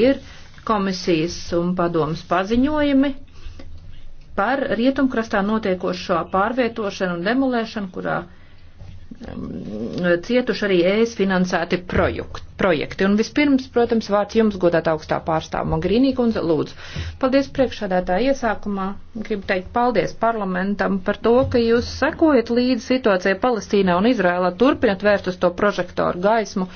ir komisijas un padomas paziņojumi par rietumkrastā notiekošo pārvietošanu un demolēšanu, kurā Um, cietuši arī ES finansēti projekt, projekti. Un vispirms, protams, vārds jums godāt augstā pārstāva Magrīnī kundze, lūdzu. Paldies priekšādātā iesākumā. Gribu teikt paldies parlamentam par to, ka jūs sekojat līdzi situācijai Palestīnā un Izrēlā, turpinat vērst uz to prožektoru gaismu,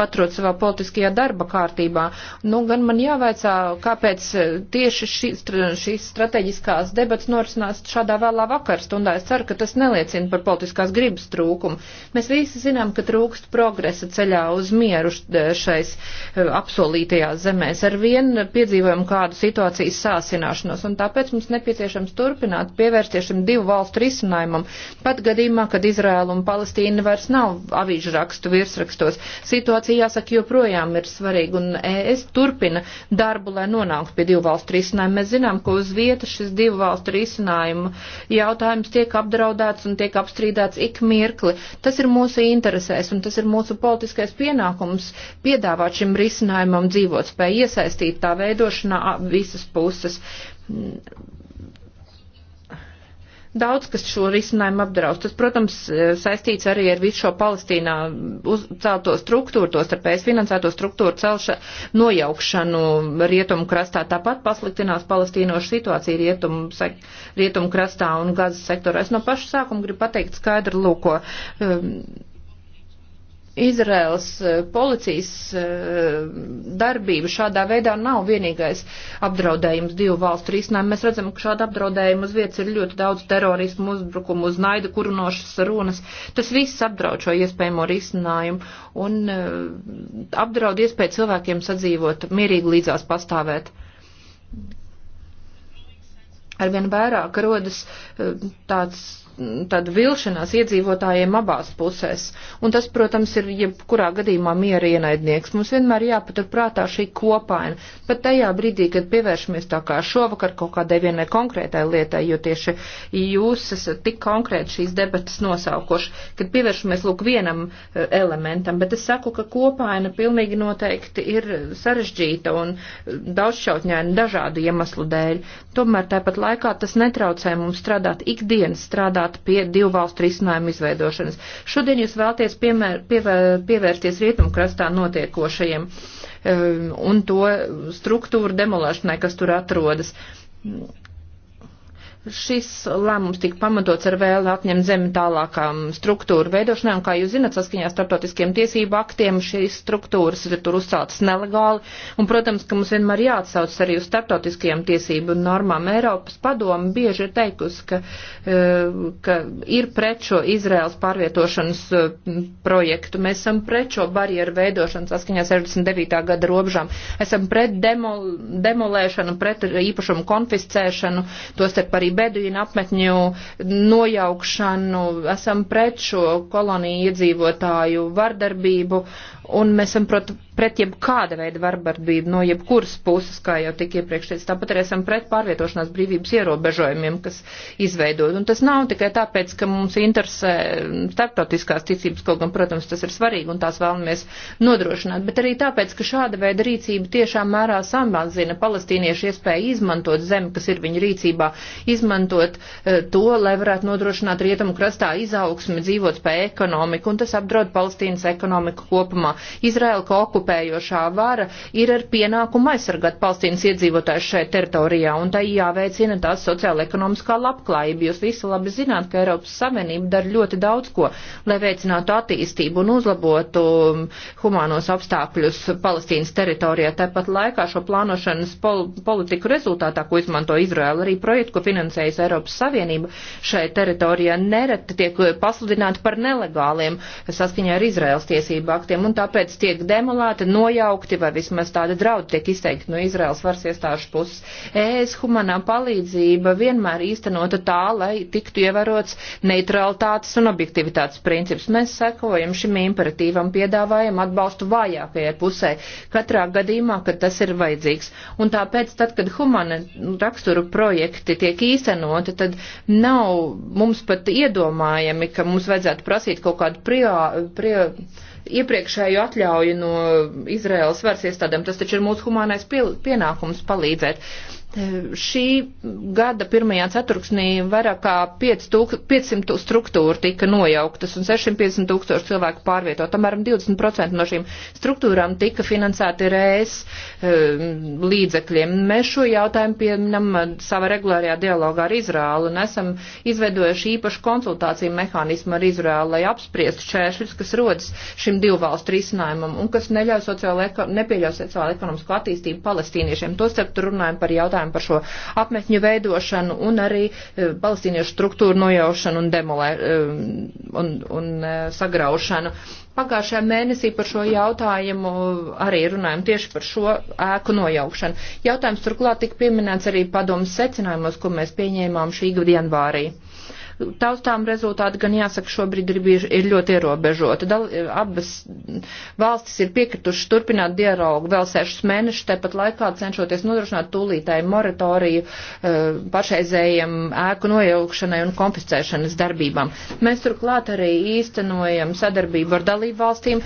patrot savā politiskajā darba kārtībā. Nu, gan man jāvaicā, kāpēc tieši šīs šī strateģiskās debats norisinās šādā vēlā vakarstundā. Es ceru, ka tas neliecina par politiskās gribas trūkumu. Mēs visi zinām, ka trūkst progresa ceļā uz mieru šais e, apsolītajās zemēs. Ar vienu piedzīvojam kādu situācijas sāsināšanos, un tāpēc mums nepieciešams turpināt pievērsties šim divu valstu risinājumam, pat gadījumā, kad Izraēla un Palestīna vairs nav avīžu rakstu virsrakstos. Situācija, jāsaka, joprojām ir svarīga, un es turpina darbu, lai nonāktu pie divu valstu risinājuma. Mēs zinām, ka uz vietas šis divu valstu risinājumu jautājums tiek apdraudēts un tiek apstrīdēts ik mirkli. Tas ir mūsu interesēs un tas ir mūsu politiskais pienākums piedāvāt šim risinājumam dzīvot spēju, iesaistīt tā veidošanā visas puses Daudz, kas šo risinājumu apdraud. Tas, protams, e, saistīts arī ar visu šo Palestīnā uzcelto struktūru, to starp es finansēto struktūru celša nojaukšanu rietumu krastā. Tāpat pasliktinās palestīnošu situāciju rietumu, sek, rietumu krastā un gazas sektorā. Es no paša sākuma gribu pateikt skaidru lūko. Um, e, Izraels eh, policijas eh, darbība šādā veidā nav vienīgais apdraudējums divu valstu risinājumu. Mēs redzam, ka šāda apdraudējuma uz vietas ir ļoti daudz terorismu uzbrukumu, uz naidu kurinošas runas. Tas viss apdraud šo iespējamo risinājumu un eh, apdraud iespēju cilvēkiem sadzīvot, mierīgi līdzās pastāvēt arvien vairāk rodas tāds tādu vilšanās iedzīvotājiem abās pusēs. Un tas, protams, ir jebkurā gadījumā miera ienaidnieks. Mums vienmēr jāpaturprātā šī kopaina. Pat tajā brīdī, kad pievēršamies tā kā šovakar kaut kādai vienai konkrētai lietai, jo tieši jūs esat tik konkrēti šīs debatas nosaukoši, kad pievēršamies lūk vienam eh, elementam, bet es saku, ka kopaina pilnīgi noteikti ir sarežģīta un eh, daudzšķautņaina dažādu iemeslu dēļ. Tomēr tāpat laikā tas netraucē mums strādāt ikdienas, strādāt strādāt pie divu valstu risinājumu izveidošanas. Šodien jūs vēlties piemēr, pievēr, pievērsties rietumkrastā notiekošajiem um, un to struktūru demolēšanai, kas tur atrodas. Šis lēmums tika pamatots ar vēlu atņemt zemi tālākām struktūru veidošanai, un, kā jūs zināt, saskaņā starptautiskiem tiesību aktiem šīs struktūras ir tur uzceltas nelegāli, un, protams, ka mums vienmēr jāatsauc arī uz starptautiskajām tiesību normām. Eiropas padomu bieži ir teikusi, ka, e, ka ir pret šo Izraels pārvietošanas e, projektu, mēs esam pret šo barjeru veidošanu saskaņā 69. gada robežām, esam pret demo, demolēšanu, pret īpašumu konfiscēšanu, tostarp arī beduīnu apmetņu nojaukšanu, esam pret šo koloniju iedzīvotāju vardarbību Un mēs esam prot, pret jebkāda veida varbarbību no jebkuras puses, kā jau tik iepriekš teicu. Tāpat arī esam pret pārvietošanās brīvības ierobežojumiem, kas izveidot. Un tas nav tikai tāpēc, ka mums interesē starptautiskās ticības, kaut gan, protams, tas ir svarīgi un tās vēlamies nodrošināt, bet arī tāpēc, ka šāda veida rīcība tiešām mērā samazina palestīniešu iespēju izmantot zemi, kas ir viņu rīcībā, izmantot uh, to, lai varētu nodrošināt rietumu krastā izaugsmi, dzīvot spēju ekonomiku, un tas apdraud Palestīnas ekonomiku kopumā Izraela kā okupējošā vara ir ar pienākumu aizsargāt Palestīnas iedzīvotājus šajā teritorijā, un tai jāveicina tās sociāla-ekonomiskā labklājība. Jūs visi labi zināt, ka Eiropas Savienība dara ļoti daudz ko, lai veicinātu attīstību un uzlabotu um, humānos apstākļus Palestīnas teritorijā. Tāpat laikā šo plānošanas pol politiku rezultātā, ko izmanto Izraela, arī projektu, ko finansējas Eiropas Savienība šai teritorijā, nereti tiek pasludināti par nelegāliem saskaņā ar Izraels tiesību aktiem. Un tā tāpēc tiek demolēti, nojaukti vai vismaz tāda draudi tiek izteikti no Izraels varas iestāžu puses. ES humanā palīdzība vienmēr īstenota tā, lai tiktu ievērots neutralitātes un objektivitātes princips. Mēs sekojam šim imperatīvam, piedāvājam atbalstu vājākajai pusē katrā gadījumā, kad tas ir vajadzīgs. Un tāpēc, tad, kad humana raksturu projekti tiek īstenoti, tad nav mums pat iedomājami, ka mums vajadzētu prasīt kaut kādu priori. Prior, prior iepriekšēju atļauju no Izraels varas iestādēm. Tas taču ir mūsu humānais pienākums palīdzēt. Šī gada pirmajā ceturksnī vairāk kā 500 struktūra tika nojauktas un 650 tūkstoši cilvēku pārvietot. Apmēram 20% no šīm struktūrām tika finansēti RS ehm, līdzekļiem. Mēs šo jautājumu pieminam eh, savā regulārajā dialogā ar Izrālu un esam izveidojuši īpašu konsultāciju mehānismu ar Izrālu, lai apspriestu šķēršļus, kas rodas šim divu valstu risinājumam un kas neļauj sociālo, nepieļauj sociālo ekonomisko attīstību palestīniešiem. Tostarp runājam par jautājumu jautājumu par šo apmetņu veidošanu un arī e, palestīniešu struktūru nojaušanu un, demolē, e, un, un e, sagraušanu. Pagājušajā mēnesī par šo jautājumu arī runājam tieši par šo ēku nojaukšanu. Jautājums turklāt tika pieminēts arī padomas secinājumos, ko mēs pieņēmām šī gada janvārī taustām rezultāti gan jāsaka šobrīd ir, bieži, ir ļoti ierobežoti. Dal, eh, abas valstis ir piekritušas turpināt dialogu vēl sešus mēnešus, tepat laikā cenšoties nodrošināt tūlītēju moratoriju eh, pašreizējiem ēku nojaukšanai un konfiscēšanas darbībām. Mēs turklāt arī īstenojam sadarbību ar dalību valstīm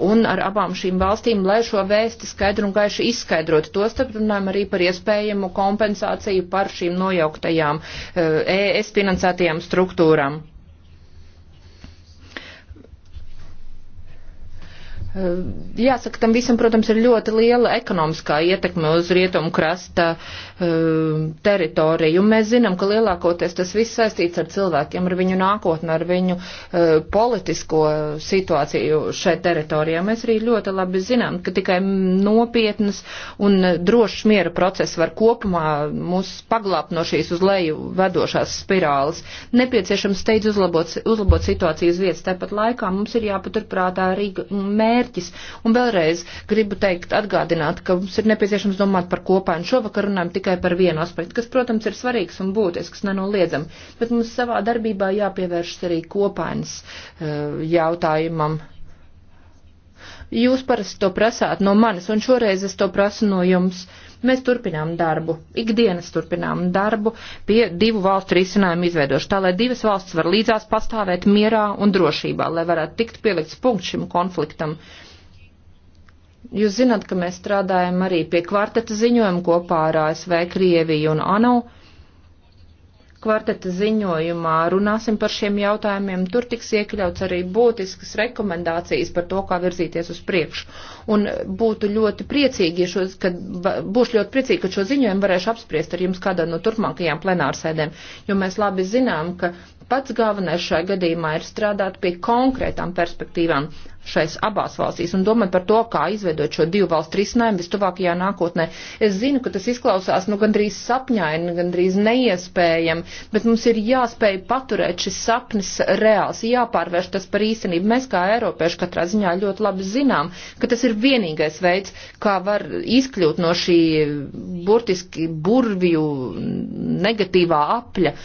un ar abām šīm valstīm, lai šo vēsti skaidru un gaišu izskaidrotu. Tostarp runājam arī par iespējamu kompensāciju par šīm nojauktajām ES eh, e finansētajām struktūrām struktūram. Eh, jāsaka, tam visam, protams, ir ļoti liela ekonomiskā ietekme uz rietumu krasta eh, teritoriju. Mēs zinām, ka lielākoties tas viss saistīts ar cilvēkiem, ar viņu nākotni, ar viņu eh, politisko situāciju šai teritorijā. Mēs arī ļoti labi zinām, ka tikai nopietnas un drošs miera process var kopumā mūs paglābt no šīs uz leju vedošās spirāles. Nepieciešams steidz uzlabot, uzlabot situāciju uz vietas. Tāpat laikā mums ir jāpaturprātā arī mērķi mērķis. Un vēlreiz gribu teikt, atgādināt, ka mums ir nepieciešams domāt par kopēju. Šovakar runājam tikai par vienu aspektu, kas, protams, ir svarīgs un būtisks, nenoliedzam. Bet mums savā darbībā jāpievēršas arī kopējas eh, jautājumam jūs parasti to prasāt no manis, un šoreiz es to prasu no jums. Uh, Mēs turpinām darbu, ikdienas turpinām darbu pie divu valstu risinājumu izveidošu, tā lai divas valstis var līdzās pastāvēt mierā un drošībā, lai varētu tikt pielikts punkts šim konfliktam. Jūs zināt, ka mēs strādājam arī pie kvarteta ziņojuma kopā ar ASV, Krieviju un ANO kvarteta ziņojumā runāsim par šiem jautājumiem. Tur tiks iekļauts arī būtiskas rekomendācijas par to, kā virzīties uz priekšu. Un būtu ļoti priecīgi, ja šo, kad, būšu ļoti priecīgi, ka šo ziņojumu varēšu apspriest ar jums kādā no turpmākajām plenārsēdēm, jo mēs labi zinām, ka Pats galvenais šai gadījumā ir strādāt pie konkrētām perspektīvām šais abās valstīs un domāt par to, kā izveidot šo divu valstu risinājumu vistuvākajā nākotnē. Es zinu, ka tas izklausās nu gandrīz sapņaini, gandrīz neiespējami, bet mums ir jāspēj paturēt šis sapnis reāls, jāpārvērš tas par īstenību. Mēs kā eiropieši katrā ziņā ļoti labi zinām, ka tas ir vienīgais veids, kā var izkļūt no šī burtiski burvju negatīvā apļa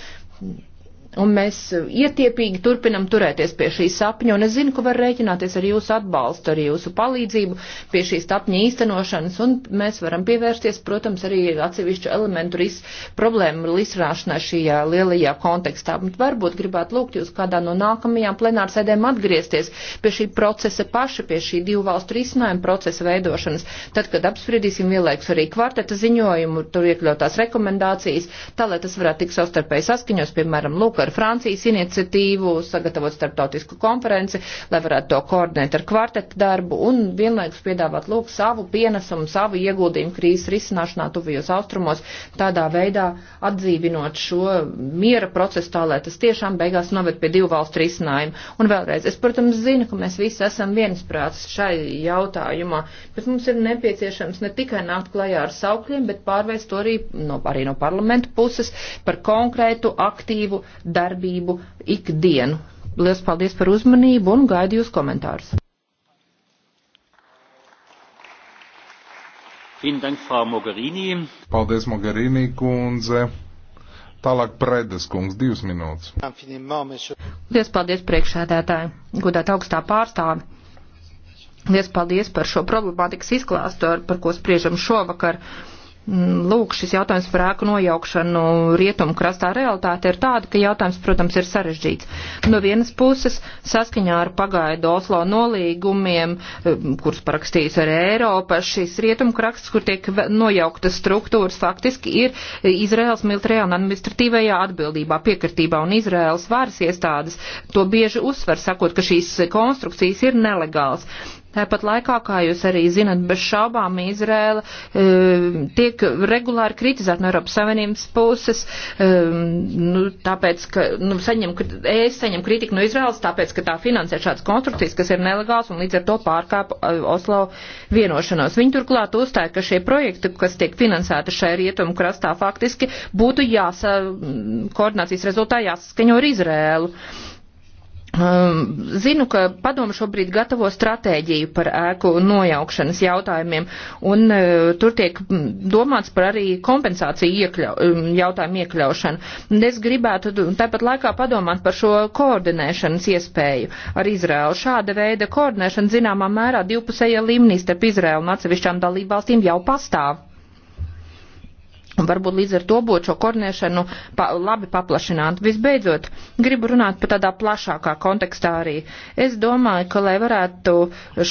Un mēs ietiepīgi turpinam turēties pie šī sapņa, un es zinu, ka var rēķināties ar jūsu atbalstu, ar jūsu palīdzību pie šī sapņa īstenošanas, un mēs varam pievērsties, protams, arī atsevišķu elementu ris problēmu risināšanai šajā lielajā kontekstā. Bet varbūt gribētu lūgt jūs kādā no nākamajām plenārsēdēm atgriezties pie šī procesa paša, pie šī divu valstu risinājuma procesa veidošanas, tad, kad apspriedīsim vienlaikus arī kvarteta ziņojumu, tur iekļautās rekomendācijas, tā lai tas varētu tik savstarpēji saskaņos, piemēram, lūk, par Francijas iniciatīvu, sagatavot starptautisku konferenci, lai varētu to koordinēt ar kvartetu darbu un vienlaikus piedāvāt lūk savu pienesumu, savu ieguldījumu krīzes risināšanā tuvijos austrumos, tādā veidā atdzīvinot šo miera procesu tā, lai tas tiešām beigās noved pie divu valstu risinājuma. Un vēlreiz, es, protams, zinu, ka mēs visi esam viensprāts šai jautājumā, bet mums ir nepieciešams ne tikai nākt klajā ar saukļiem, bet pārvērst to arī no, arī no parlamenta puses par konkrētu, aktīvu darbību ikdienu. Lielas paldies par uzmanību un gaidu jūs komentārus. Paldies, Mogherini kundze. Tālāk Predes kungs, divas minūtes. Lielas paldies priekšsēdētāji, godāt augstā pārstāvi. Lielas paldies par šo problemātikas izklāstu, par ko spriežam šovakar. Uh, Mm, lūk, šis jautājums par ēku nojaukšanu rietumu krastā realitāte ir tāda, ka jautājums, protams, ir sarežģīts. No vienas puses, saskaņā ar pagaidu Oslo nolīgumiem, mm, kurus parakstījis ar Eiropa, šis rietumu krasts, kur tiek nojauktas struktūras, faktiski ir Izraels militārajā un administratīvajā atbildībā, piekritībā, un Izraels varas iestādes to bieži uzsver, sakot, ka šīs konstrukcijas ir nelegāls. Tāpat laikā, kā jūs arī zinat, bez šaubām Izrēla e, tiek regulāri kritizēta no Eiropas Savienības puses, e, nu, tāpēc, ka nu, saņem, es saņem kritiku no Izrēlas, tāpēc, ka tā finansē šādas konstrukcijas, kas ir nelegāls un līdz ar to pārkāpa e, Oslo vienošanos. Viņi turklāt uzstāja, ka šie projekti, kas tiek finansēti šai rietumu krastā, faktiski būtu jāsa koordinācijas rezultā jāsaskaņo ar Izrēlu. E, Um, zinu, ka padomu šobrīd gatavo stratēģiju par ēku nojaukšanas jautājumiem, un uh, tur tiek domāts par arī kompensāciju iekļau, um, jautājumu iekļaušanu. Es gribētu tāpat laikā padomāt par šo koordinēšanas iespēju ar Izraelu. Šāda veida koordinēšana zināmā mērā divpusējā līmenī starp Izraelu un atsevišķām dalībvalstīm jau pastāv. Un varbūt līdz ar to būtu šo koordinēšanu pa, labi paplašināt. Visbeidzot, gribu runāt par tādā plašākā kontekstā arī. Es domāju, ka, lai varētu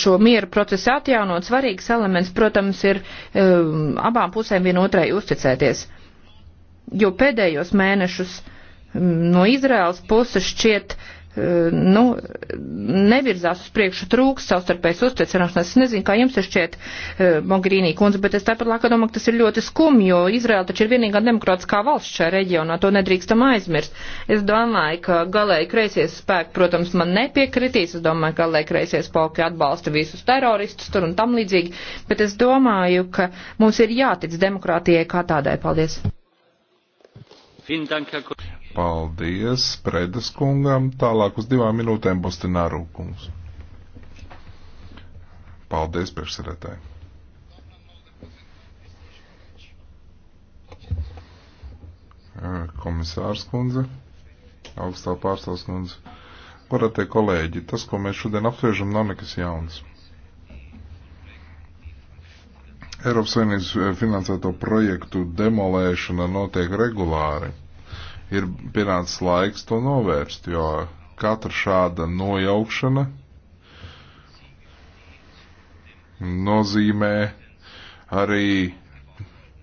šo mieru procesu atjaunot, svarīgs elements, protams, ir um, abām pusēm vienotrai uzticēties. Jo pēdējos mēnešus um, no Izraels puses šķiet uh, Eh, nu, nevirzās uz priekšu trūks savstarpējas uzticināšanās. Es nezinu, kā jums ir šķiet, eh, Mogrīnī kundze, bet es tāpat laikā domāju, ka tas ir ļoti skumji, jo Izraela taču ir vienīgā demokrātiskā valsts šajā reģionā, to nedrīkstam aizmirst. Es domāju, ka galēji kreisies spēki, protams, man nepiekritīs, es domāju, ka galēji kreisies spēki atbalsta visus teroristus tur un tam līdzīgi, bet es domāju, ka mums ir jātic demokrātijai kā tādai. Paldies! Paldies Predes kungam. Tālāk uz divām minūtēm būs Tināru kungs. Paldies priekšsēdētāji. Komisārs kundze, augstā pārstāvs kundze. Varētu teikt, kolēģi, tas, ko mēs šodien apspriežam, nav nekas jauns. Eiropas Savienības eh, finansēto projektu demolēšana notiek regulāri. Ir pienācis laiks to novērst, jo katra šāda nojaukšana nozīmē arī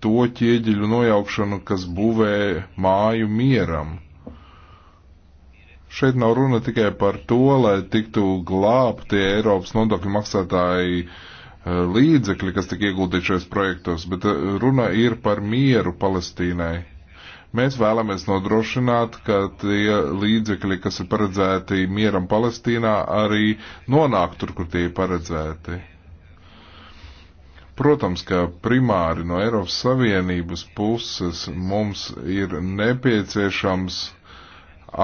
to ķieģeļu nojaukšanu, kas būvē māju mieram. Šeit nav runa tikai par to, lai tiktu glābti Eiropas nodokļu maksātāji uh, Eh, līdzekļi, kas tika ieguldīti šajos projektos, bet eh, runa ir par mieru Palestīnai. Mēs vēlamies nodrošināt, ka tie līdzekļi, kas ir paredzēti mieram Palestīnā, arī nonāk tur, kur tie ir paredzēti. Protams, ka primāri no Eiropas Savienības puses mums ir nepieciešams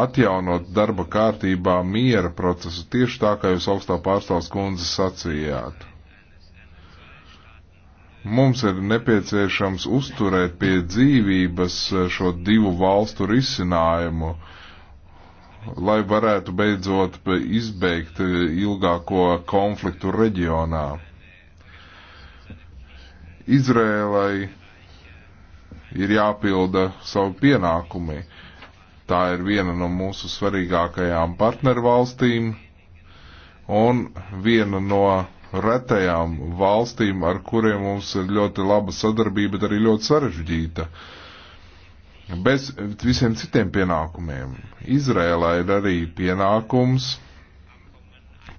atjaunot darba kārtībā miera procesu tieši tā, kā jūs augstā pārstāvs kundze sacījāt. Mums ir nepieciešams uzturēt pie dzīvības eh, šo divu valstu risinājumu, lai varētu beidzot izbeigt eh, ilgāko konfliktu reģionā. Izrēlai ir jāpilda savu pienākumi. Tā ir viena no mūsu svarīgākajām partnervalstīm un viena no retajām valstīm, ar kuriem mums ir ļoti laba sadarbība, bet arī ļoti sarežģīta. Bez visiem citiem pienākumiem. Izrēlā ir arī pienākums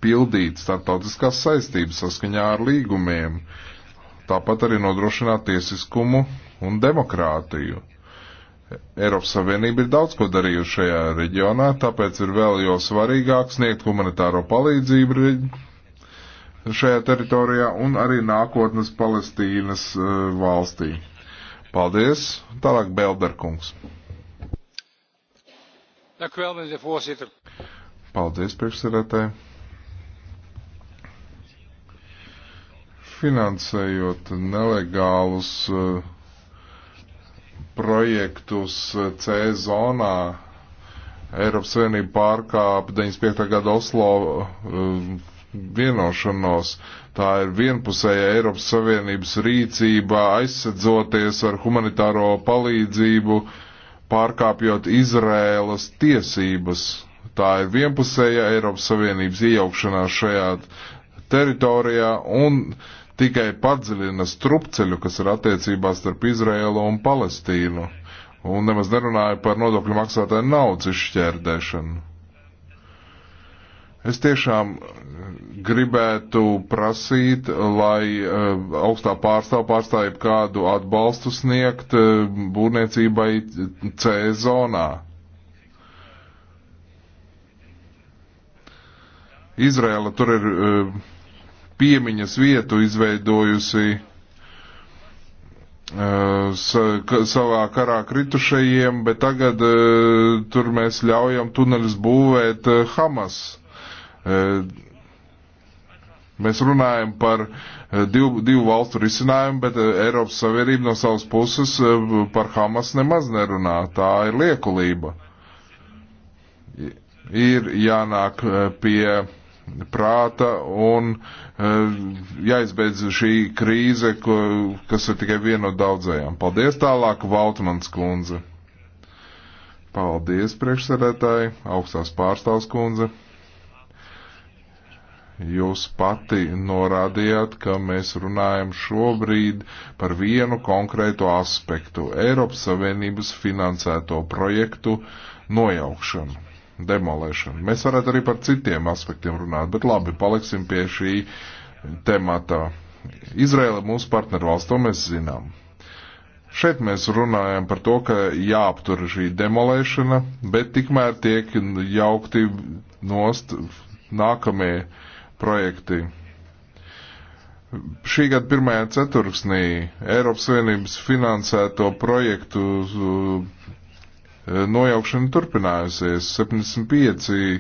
pildīt starptautiskās saistības saskaņā ar līgumiem, tāpat arī nodrošināt tiesiskumu un demokrātiju. Eiropas Savienība ir daudz ko darījusi šajā reģionā, tāpēc ir vēl jo svarīgāk sniegt humanitāro palīdzību šajā teritorijā un arī nākotnes Palestīnas e, valstī. Paldies. Tālāk Belderkungs. Paldies, priekšsēdētāji. Finansējot nelegālus e, projektus e, C zonā, Eiropas Savienība pārkāpa 95. gada Oslo vienošanos. Tā ir vienpusēja Eiropas Savienības rīcība aizsadzoties ar humanitāro palīdzību, pārkāpjot Izrēlas tiesības. Tā ir vienpusēja Eiropas Savienības iejaukšanās šajā teritorijā un tikai padziļina strupceļu, kas ir attiecībās starp Izrēlu un Palestīnu. Un nemaz nerunāju par nodokļu maksātāju naudas izšķērdēšanu. Es tiešām gribētu prasīt, lai eh, augstā pārstāv pārstāja kādu atbalstu sniegt eh, būvniecībai C zonā. Izrēla tur ir eh, piemiņas vietu izveidojusi savā karā kritušajiem, bet tagad tur mēs ļaujam tuneļus būvēt Hamas Eh, mēs runājam par eh, divu, divu valstu risinājumu, bet eh, Eiropas Savienība no savas puses par Hamas nemaz nerunā. Tā ir liekulība. Ir jānāk pie prāta un jāizbeidz šī krīze, kas ir tikai viena no daudzajām. Paldies tālāk, Valtmans kundze. Paldies, priekšsēdētāji, augstās pārstāvs kundze. Jūs pati norādījāt, ka mēs runājam šobrīd par vienu konkrētu aspektu - Eiropas Savienības finansēto projektu nojaukšanu, demolēšanu. Mēs varētu arī par citiem aspektiem runāt, bet labi, paliksim pie šī temata. Izraela mūsu partnervalsts, to mēs zinām. Šeit mēs runājam par to, ka jāaptur šī demolēšana, bet tikmēr tiek jaukti nost nākamie uh, projekti. Šī gada pirmajā ceturksnī Eiropas Savienības finansēto projektu eh, nojaukšana turpinājusies. 75 eh,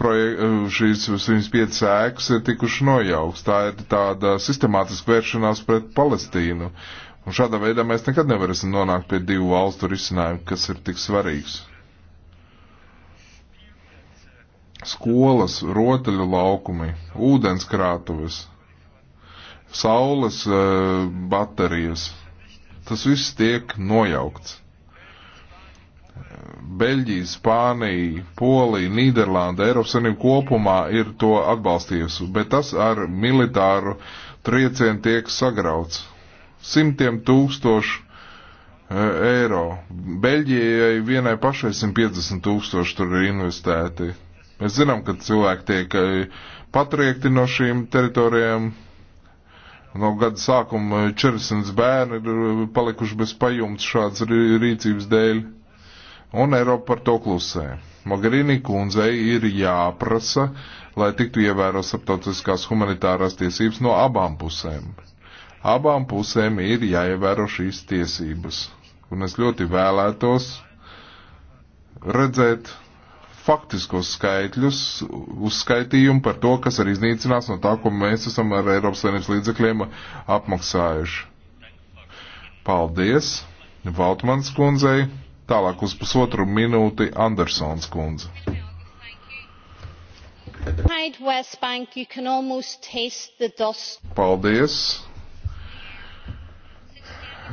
projek eh, šīs 75 sēkas ir tikuši nojauks. Tā ir tāda sistemātiska vēršanās pret Palestīnu. Un šādā veidā mēs nekad nevarēsim nonākt pie divu valstu risinājumu, kas ir tik svarīgs skolas, rotaļu laukumi, ūdenskrātuves, saules eh, baterijas. Tas viss tiek nojaukts. Beļģija, Spānija, Polija, Nīderlanda, Eiropas Savienība kopumā ir to atbalstījusi, bet tas ar militāru triecienu tiek sagrauts. Simtiem tūkstošu eh, eiro. Beļģijai vienai pašai 150 tūkstoši tur ir investēti. Mēs zinām, ka cilvēki tiek eh, patriekti no šīm teritorijām. No gada sākuma 40 bērni ir eh, palikuši bez pajumtes šādas rīcības dēļ. Un Eiropa par to klusē. Mogherini kundzei ir jāprasa, lai tiktu ievēro starptautiskās humanitārās tiesības no abām pusēm. Abām pusēm ir jāievēro šīs tiesības. Un es ļoti vēlētos redzēt faktiskos skaitļus, uzskaitījumu par to, kas ir iznīcināts no tā, ko mēs esam ar Eiropas Savienības līdzekļiem apmaksājuši. Paldies Valtmans kundzei. Tālāk uz pusotru minūti Andersons kundze. Paldies.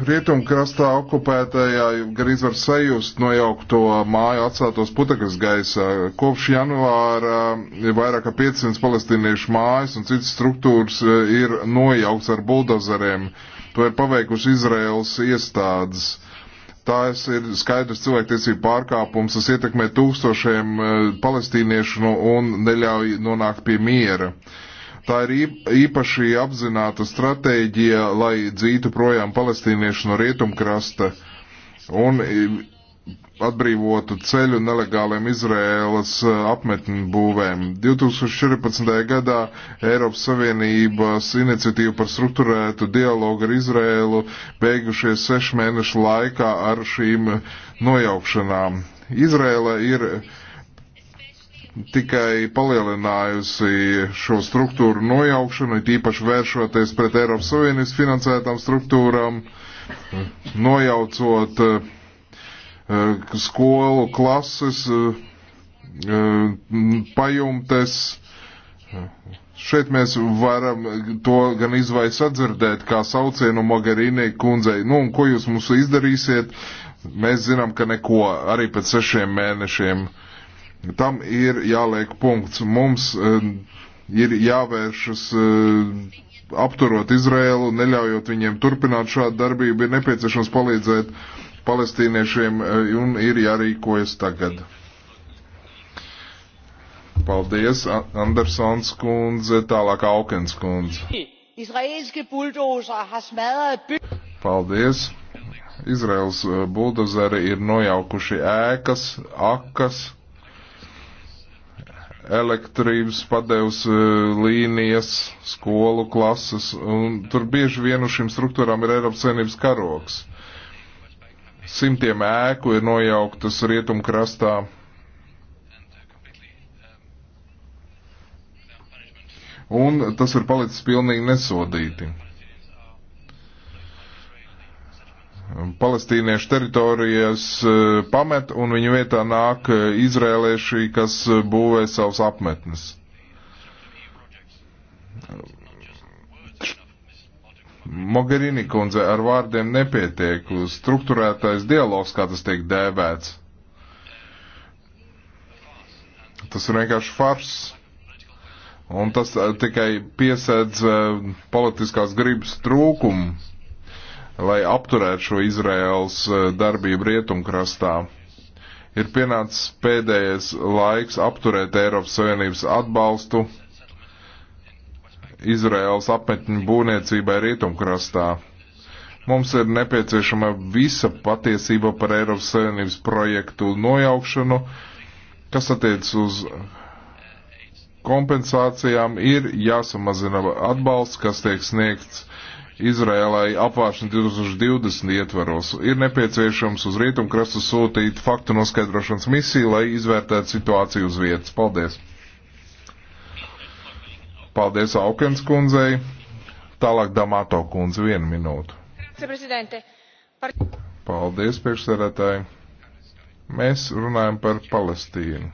Rietumkrastā okupētajā gandrīz var sajust nojaukto māju atstātos putekļus gaisā. Kopš janvāra vairāk kā 500 palestīniešu mājas un citas struktūras eh, ir nojaukts ar buldozeriem. To ir paveikuši Izraels iestādes. Tās ir skaidrs cilvēktiesību pārkāpums, tas ietekmē tūkstošiem eh, palestīniešu un neļauj nonākt pie miera. Uh, Tā ir īpaši apzināta stratēģija, lai dzītu projām palestīniešu no rietumkrasta un atbrīvotu ceļu nelegāliem Izrēlas uh, apmetņu būvēm. 2014. gadā Eiropas Savienības iniciatīva par struktūrētu dialogu ar Izrēlu beigušies sešu mēnešu laikā ar šīm nojaukšanām. Izrēla ir tikai palielinājusi šo struktūru nojaukšanu, it īpaši vēršoties pret Eiropas Savienības finansētām struktūrām, nojaucot eh, skolu klases, eh, pajumtes. Šeit mēs varam to gan izvairīt dzirdēt, kā saucienu Mogherini kundzei. Nu, un ko jūs mums izdarīsiet? Mēs zinām, ka neko arī pēc sešiem mēnešiem uh, Tam ir jāliek punkts. Mums e, ir jāvēršas e, apturot Izraēlu, neļaujot viņiem turpināt šādu darbību, ir nepieciešams palīdzēt palestīniešiem e, un ir jārīkojas tagad. Paldies, Andersons kundze, tālāk Aukens kundze. Paldies. Izraels buldozeri ir nojaukuši ēkas, akas elektrības padevs eh, līnijas, skolu klases, un tur bieži vienu šīm struktūrām ir Eiropas Savienības karoks. Simtiem ēku ir nojauktas rietumkrastā. Un tas ir palicis pilnīgi nesodīti. palestīniešu teritorijas e, pamet un viņu vietā nāk e, izrēlieši, kas e, būvē savus apmetnes. Mogherini kundze ar vārdiem nepietiek, struktūrētais dialogs, kā tas tiek dēvēts. Tas ir vienkārši fars. Un tas tikai piesēdz politiskās gribas trūkumu lai apturētu šo Izraels e, darbību rietumkrastā. Ir pienācis pēdējais laiks apturēt Eiropas Savienības atbalstu Izraels apmetņu būvniecībai rietumkrastā. Mums ir nepieciešama visa patiesība par Eiropas Savienības projektu nojaukšanu, kas attiec uz kompensācijām, ir jāsamazina atbalsts, kas tiek sniegts Izrēlai apvāršana 2020 ietvaros. Ir nepieciešams uz rietumkrastu sūtīt faktu noskaidrošanas misiju, lai izvērtētu situāciju uz vietas. Paldies! Paldies Aukens kundzei. Tālāk Damato kundze vienu minūtu. Paldies, priekšsēdētāji. Mēs runājam par Palestīnu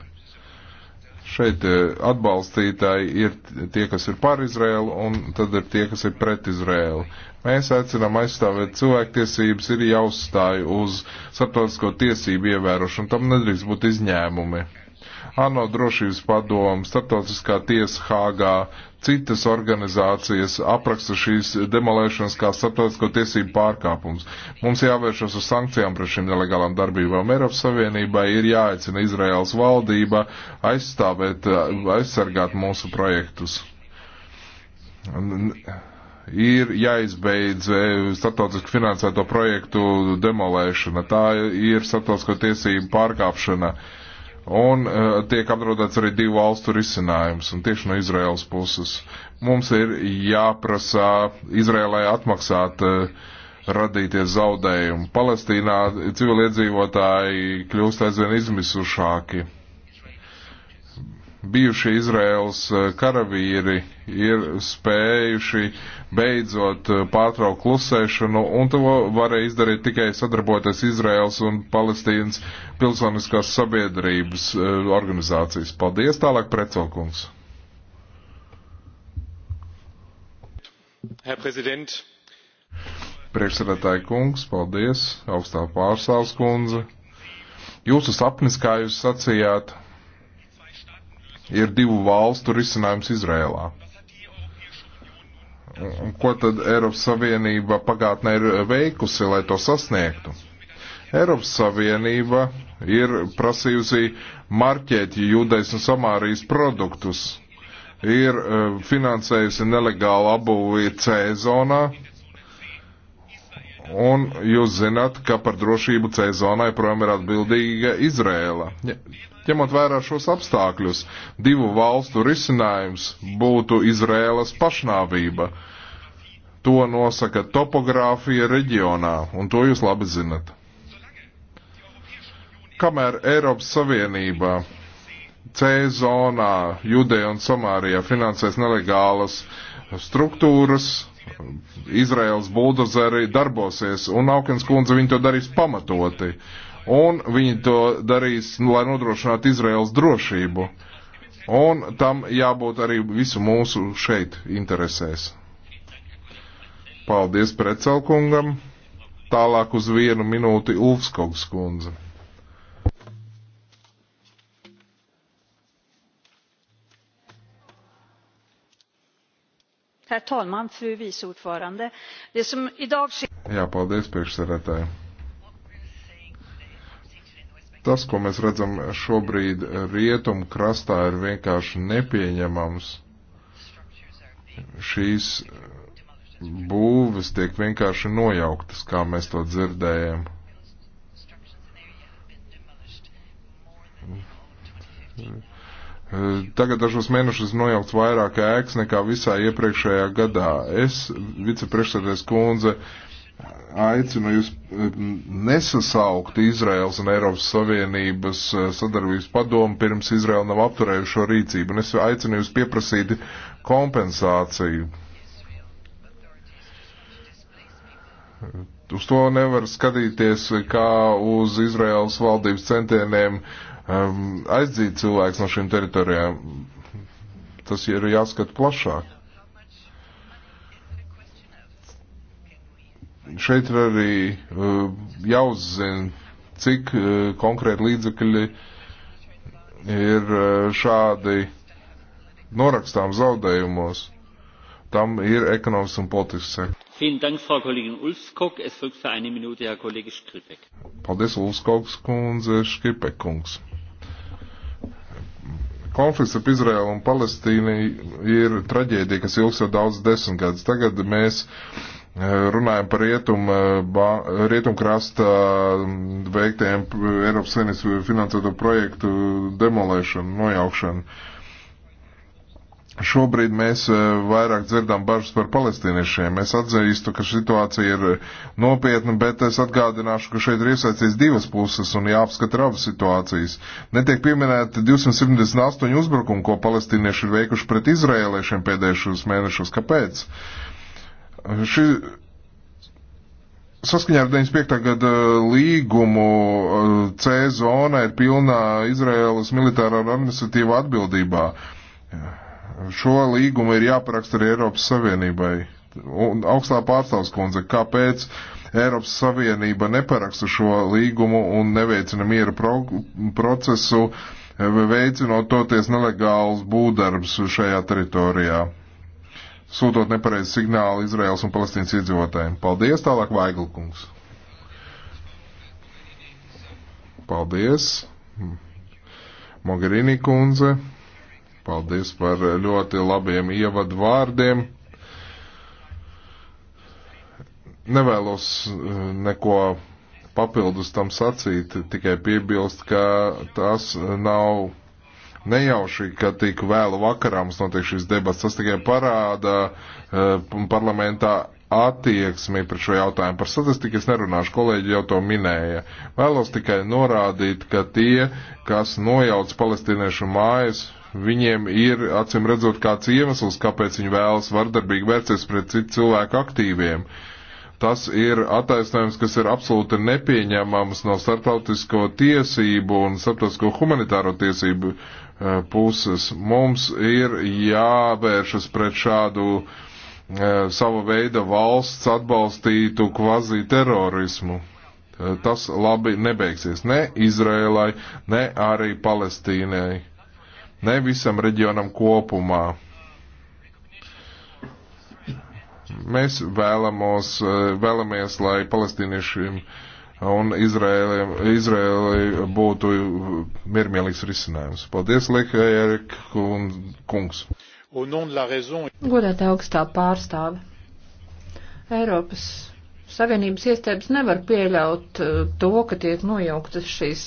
šeit eh, atbalstītāji ir tie, kas ir par Izrēlu, un tad ir tie, kas ir pret Izrēlu. Mēs aicinām aizstāvēt cilvēktiesības, ir jāuzstāj uz starptautisko tiesību ievērošanu, tam nedrīkst būt izņēmumi. ANO drošības padomu, starptautiskā tiesa Hāgā, citas organizācijas apraksta šīs demolēšanas kā starptautisko tiesību pārkāpums. Mums jāvēršas uz sankcijām pret šīm nelegālām darbībām. Eiropas Savienībai ir jāaicina Izraels valdība aizstāvēt, aizsargāt mūsu projektus. Ir jāizbeidz e, starptautiski finansēto projektu demolēšana. Tā ir starptautisko tiesību pārkāpšana. Uh, Un uh, tiek apdraudēts arī divu valstu risinājums, un tieši no Izraēlas puses. Mums ir jāprasā Izraēlai atmaksāt uh, radīties zaudējumi. Palestīnā civiliedzīvotāji kļūst aizvien izmisušāki bijušie Izraels eh, karavīri ir spējuši beidzot eh, pārtraukt klusēšanu, un to varēja izdarīt tikai sadarboties Izraels un Palestīnas pilsoniskās sabiedrības eh, organizācijas. Paldies, tālāk precelkungs. Herr Präsident! Priekšsēdētāji kungs, paldies, augstā pārstāvs kundze. Jūsu sapnis, kā jūs sacījāt, ir divu valstu risinājums Izrēlā. Un ko tad Eiropas Savienība pagātnē ir veikusi, lai to sasniegtu? Eiropas Savienība ir prasījusi marķēt jūdejas un samārijas produktus, ir eh, finansējusi nelegālu abuvi C zonā, Un jūs zināt, ka par drošību C zonai projām ir atbildīga Izrēla. Ņemot vērā šos apstākļus, divu valstu risinājums būtu Izrēlas pašnāvība. To nosaka topogrāfija reģionā, un to jūs labi zinat. Kamēr Eiropas Savienība C zonā, Judeja un Somārijā finansēs nelegālas struktūras, Izraels buldozeri darbosies, un Aukens kundze viņi to darīs pamatoti, un viņi to darīs, nu, lai nodrošinātu Izraels drošību, un tam jābūt arī visu mūsu šeit interesēs. Paldies precelkungam. Tālāk uz vienu minūti Ulfskogs kundze. Herr talman, fru vice ordförande. Det som i dag sker... Jā, paldies priekšsarētāji. Tas, ko mēs redzam šobrīd rietumu krastā, ir vienkārši nepieņemams. Šīs būves tiek vienkārši nojauktas, kā mēs to dzirdējam. Mm. Eh, tagad dažos mēnešus nojaukts vairāk ēks nekā visā iepriekšējā gadā. Es, vicepriekšsēdēs kundze, aicinu jūs eh, nesasaukt Izraels un Eiropas Savienības eh, sadarbības padomu pirms Izraela nav apturējušo rīcību. Un es aicinu jūs pieprasīt kompensāciju. Uz to nevar skatīties kā uz Izraels valdības centieniem uh, um, aizdzīt cilvēks no šīm teritorijām. Tas ir jāskat plašāk. Šeit ir arī uh, jāuzzina, cik uh, konkrēti līdzekļi ir uh, šādi norakstām zaudējumos. Tam ir ekonomiski un politiski sekti. Paldies, Ulfskogs kundze, Škripek kungs konflikts ar Izraēlu un Palestīnu ir traģēdija, kas ilgs jau daudz desmitgadus. Tagad mēs eh, runājam par rietumu rietum eh, krasta veiktiem Eiropas Savienības finansēto projektu demolēšanu, nojaukšanu. Šobrīd mēs eh, vairāk dzirdam bažas par palestīniešiem. Es atzīstu, ka situācija ir eh, nopietna, bet es atgādināšu, ka šeit ir iesaistīts divas puses un jāapskata abas situācijas. Netiek pieminēti 278 uzbrukumi, ko palestīnieši ir veikuši pret izrēliešiem pēdējušos mēnešus. Kāpēc? Ši... Saskaņā ar 95. gada līgumu eh, C zonā ir pilnā Izraēlas militārā administratīva atbildībā. Šo līgumu ir jāparaksta arī Eiropas Savienībai. Un augstā pārstāvs kundze, kāpēc Eiropas Savienība neparaksta šo līgumu un neveicina miera pro procesu, veicinot toties nelegāls būdarbs šajā teritorijā, sūtot nepareizi signālu Izraels un Palestīnas iedzīvotājiem. Paldies, tālāk Vaiglkungs. Paldies, Mogherini kundze. Paldies par ļoti labiem ievadu vārdiem. Nevēlos eh, neko papildus tam sacīt, tikai piebilst, ka tas nav nejauši, ka tik vēlu vakarā mums notiek šis debats. Tas tikai parāda uh, parlamentā attieksmi pret šo jautājumu. Par statistiku es nerunāšu, kolēģi jau to minēja. Vēlos tikai norādīt, ka tie, kas nojauc palestīniešu mājas, viņiem ir acīm redzot kāds iemesls, kāpēc viņi vēlas vardarbīgi vērsties pret citu cilvēku aktīviem. Tas ir attaisnojums, kas ir absolūti nepieņemams no starptautisko tiesību un starptautisko humanitāro tiesību eh, puses. Mums ir jāvēršas pret šādu eh, sava veida valsts atbalstītu kvazī terorismu eh, tas labi nebeigsies ne Izrēlai, ne arī Palestīnai ne visam reģionam kopumā. Mēs vēlamos, eh, vēlamies, lai palestīniešiem un Izraēli, Izraēli būtu miermīlīgs risinājums. Paldies, Lika Erik kungs. Godētā augstā pārstāve. Eiropas Savienības iestādes nevar pieļaut eh, to, ka tiek nojauktas šīs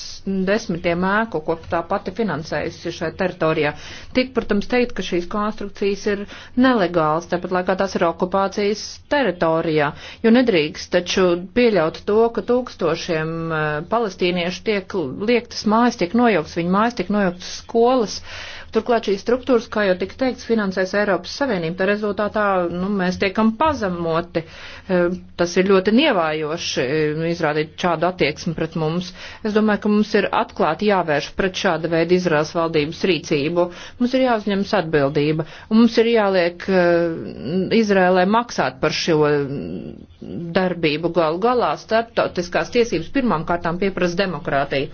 desmitiem ēku, ko tā pati finansējusi šajā teritorijā. Tik, protams, teikt, ka šīs konstrukcijas ir nelegāls, tāpat laikā tās ir okupācijas teritorijā, jo nedrīkst taču pieļaut to, ka tūkstošiem eh, palestīniešu tiek liektas mājas, tiek nojauktas, viņu mājas tiek nojauktas skolas, Turklāt šīs struktūras, kā jau tika teikts, finansēs Eiropas Savienību. Tā rezultātā nu, mēs tiekam pazemoti. E, tas ir ļoti nievājoši e, izrādīt šādu attieksmi pret mums. Es domāju, ka mums ir atklāti jāvērš pret šāda veida Izraels valdības rīcību. Mums ir jāuzņemas atbildība. Un mums ir jāliek e, Izrēlē maksāt par šo darbību. Galu galā starptautiskās tiesības pirmām kārtām pieprasa demokrātiju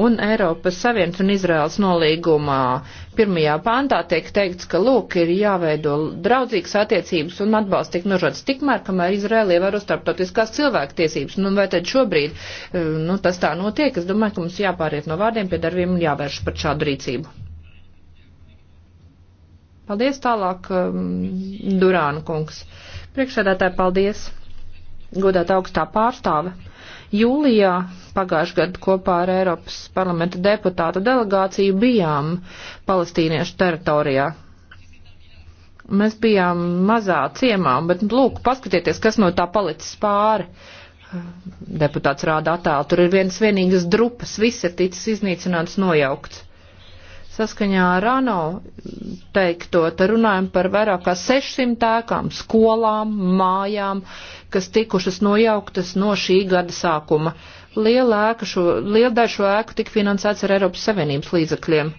un Eiropas Savienības un Izraels nolīgumā pirmajā pāntā tiek teikts, ka lūk ir jāveido draudzīgas attiecības un atbalsts tiek nožots tikmēr, kamēr Izraēla ievēro starptautiskās cilvēktiesības. Nu, vai tad šobrīd, eh, nu, tas tā notiek? Es domāju, ka mums jāpāriet no vārdiem pie darbiem un jāvērš par šādu rīcību. Paldies tālāk, um, Durānu kungs. Priekšsēdētāji, paldies. Godāt augstā pārstāve. Jūlijā pagājušajā gadā kopā ar Eiropas parlamenta deputātu delegāciju bijām palestīniešu teritorijā. Mēs bijām mazā ciemā, bet nu, lūk, paskatieties, kas no tā palicis pāri. Deputāts rāda attēlu, tur ir viens vienīgas drupas, viss ir ticis iznīcināts, nojaukts saskaņā ar ANO teikto, te runājam par vairāk kā 600 ēkām, skolām, mājām, uh, kas tikušas nojauktas no šī gada sākuma. Liela ēka šo, liela daļa šo ēku tika finansēts ar Eiropas Savienības līdzakļiem.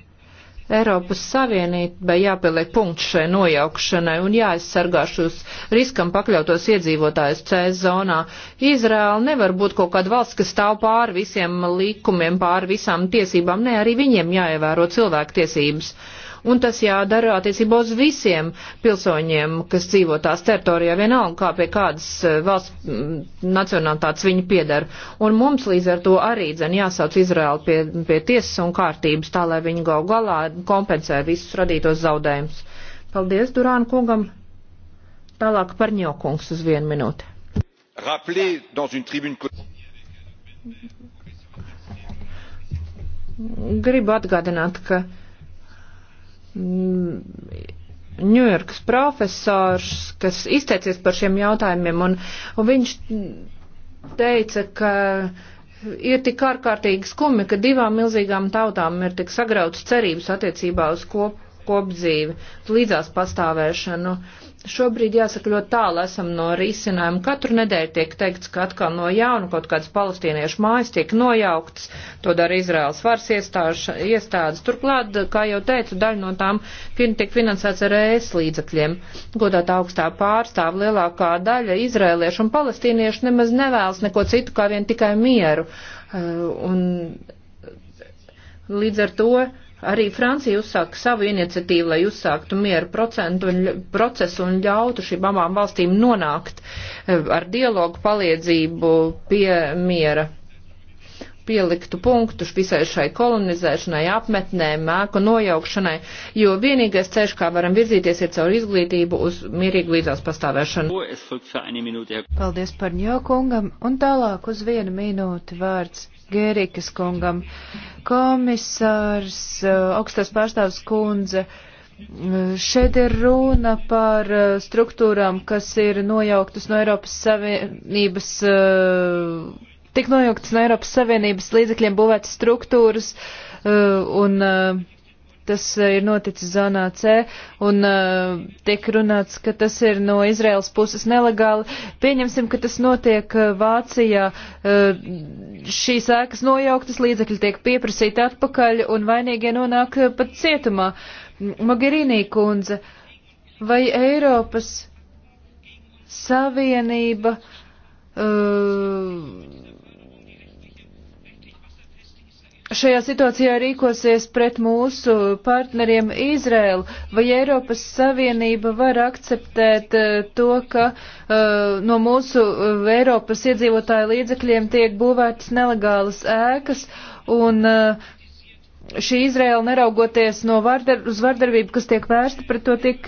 Eiropas Savienībai jāpieliek punkts šai nojaukšanai un jāaizsargā šos riskam pakļautos iedzīvotājus C zonā. Izrēla nevar būt kaut kāda valsts, kas stāv pāri visiem likumiem, pāri visām tiesībām. Nē, arī viņiem jāievēro cilvēku tiesības un tas jādara attiecībā uz visiem pilsoņiem, kas dzīvo tās teritorijā, vienalga kā pie kādas eh, valsts mm, nacionālitātes viņi piedara. Un mums līdz ar to arī dzen jāsauc Izraēlu pie, pie tiesas un kārtības, tā lai viņi gal galā kompensē visus radītos zaudējumus. Paldies Durāna kungam. Tālāk par ņokungs uz vienu minūti. Rappelé dans une tribune gribu atgādināt, ka Ņujorkas mm, profesors, kas izteicies par šiem jautājumiem, un, un viņš teica, ka ir tik ārkārtīgi skumi, ka divām milzīgām tautām ir tik sagrauts cerības attiecībā uz kop, kopdzīvi, līdzās pastāvēšanu. Uh, Šobrīd jāsaka ļoti tālu esam no risinājuma. Katru nedēļu tiek teikts, ka atkal no jauna kaut kādas palestīniešu mājas tiek nojauktas. To dara Izraels varas iestādes. Turklāt, kā jau teicu, daļa no tām fin tiek finansēts ar ES līdzakļiem. Godātā augstā pārstāv lielākā daļa izrēliešu un palestīniešu nemaz nevēlas neko citu kā vien tikai mieru. Uh, un līdz ar to Arī Francija uzsāka savu iniciatīvu, lai uzsāktu mieru procentu, procesu un ļautu šīm abām valstīm nonākt e, ar dialogu palīdzību pie miera pieliktu punktu visai šai kolonizēšanai, apmetnē, mēku nojaukšanai, jo vienīgais ceļš, kā varam virzīties, ir caur izglītību uz mierīgu līdzās pastāvēšanu. Paldies par ņokungam un tālāk uz vienu minūti vārds Gērikas kungam. Komisārs, eh, augstās pārstāvs kundze, eh, šeit ir runa par eh, struktūrām, kas ir nojauktas no Eiropas Savienības, tik nojauktas no Eiropas Savienības līdzekļiem būvētas struktūras un Tas eh, ir noticis zonā C un uh, tiek runāts, ka tas ir no Izraels puses nelegāli. Pieņemsim, ka tas notiek eh, Vācijā. Uh, šīs ēkas nojauktas, līdzekļi tiek pieprasīti atpakaļ un vainīgie nonāk pat cietumā. Mogherini kundze, vai Eiropas Savienība. Uh, šajā situācijā rīkosies pret mūsu partneriem Izrēlu, vai Eiropas Savienība var akceptēt eh, to, ka uh, no mūsu eh, Eiropas iedzīvotāju līdzekļiem tiek būvētas nelegālas ēkas un uh, šī Izraela neraugoties no vardar, uz vardarbību, kas tiek vērsta pret to, tiek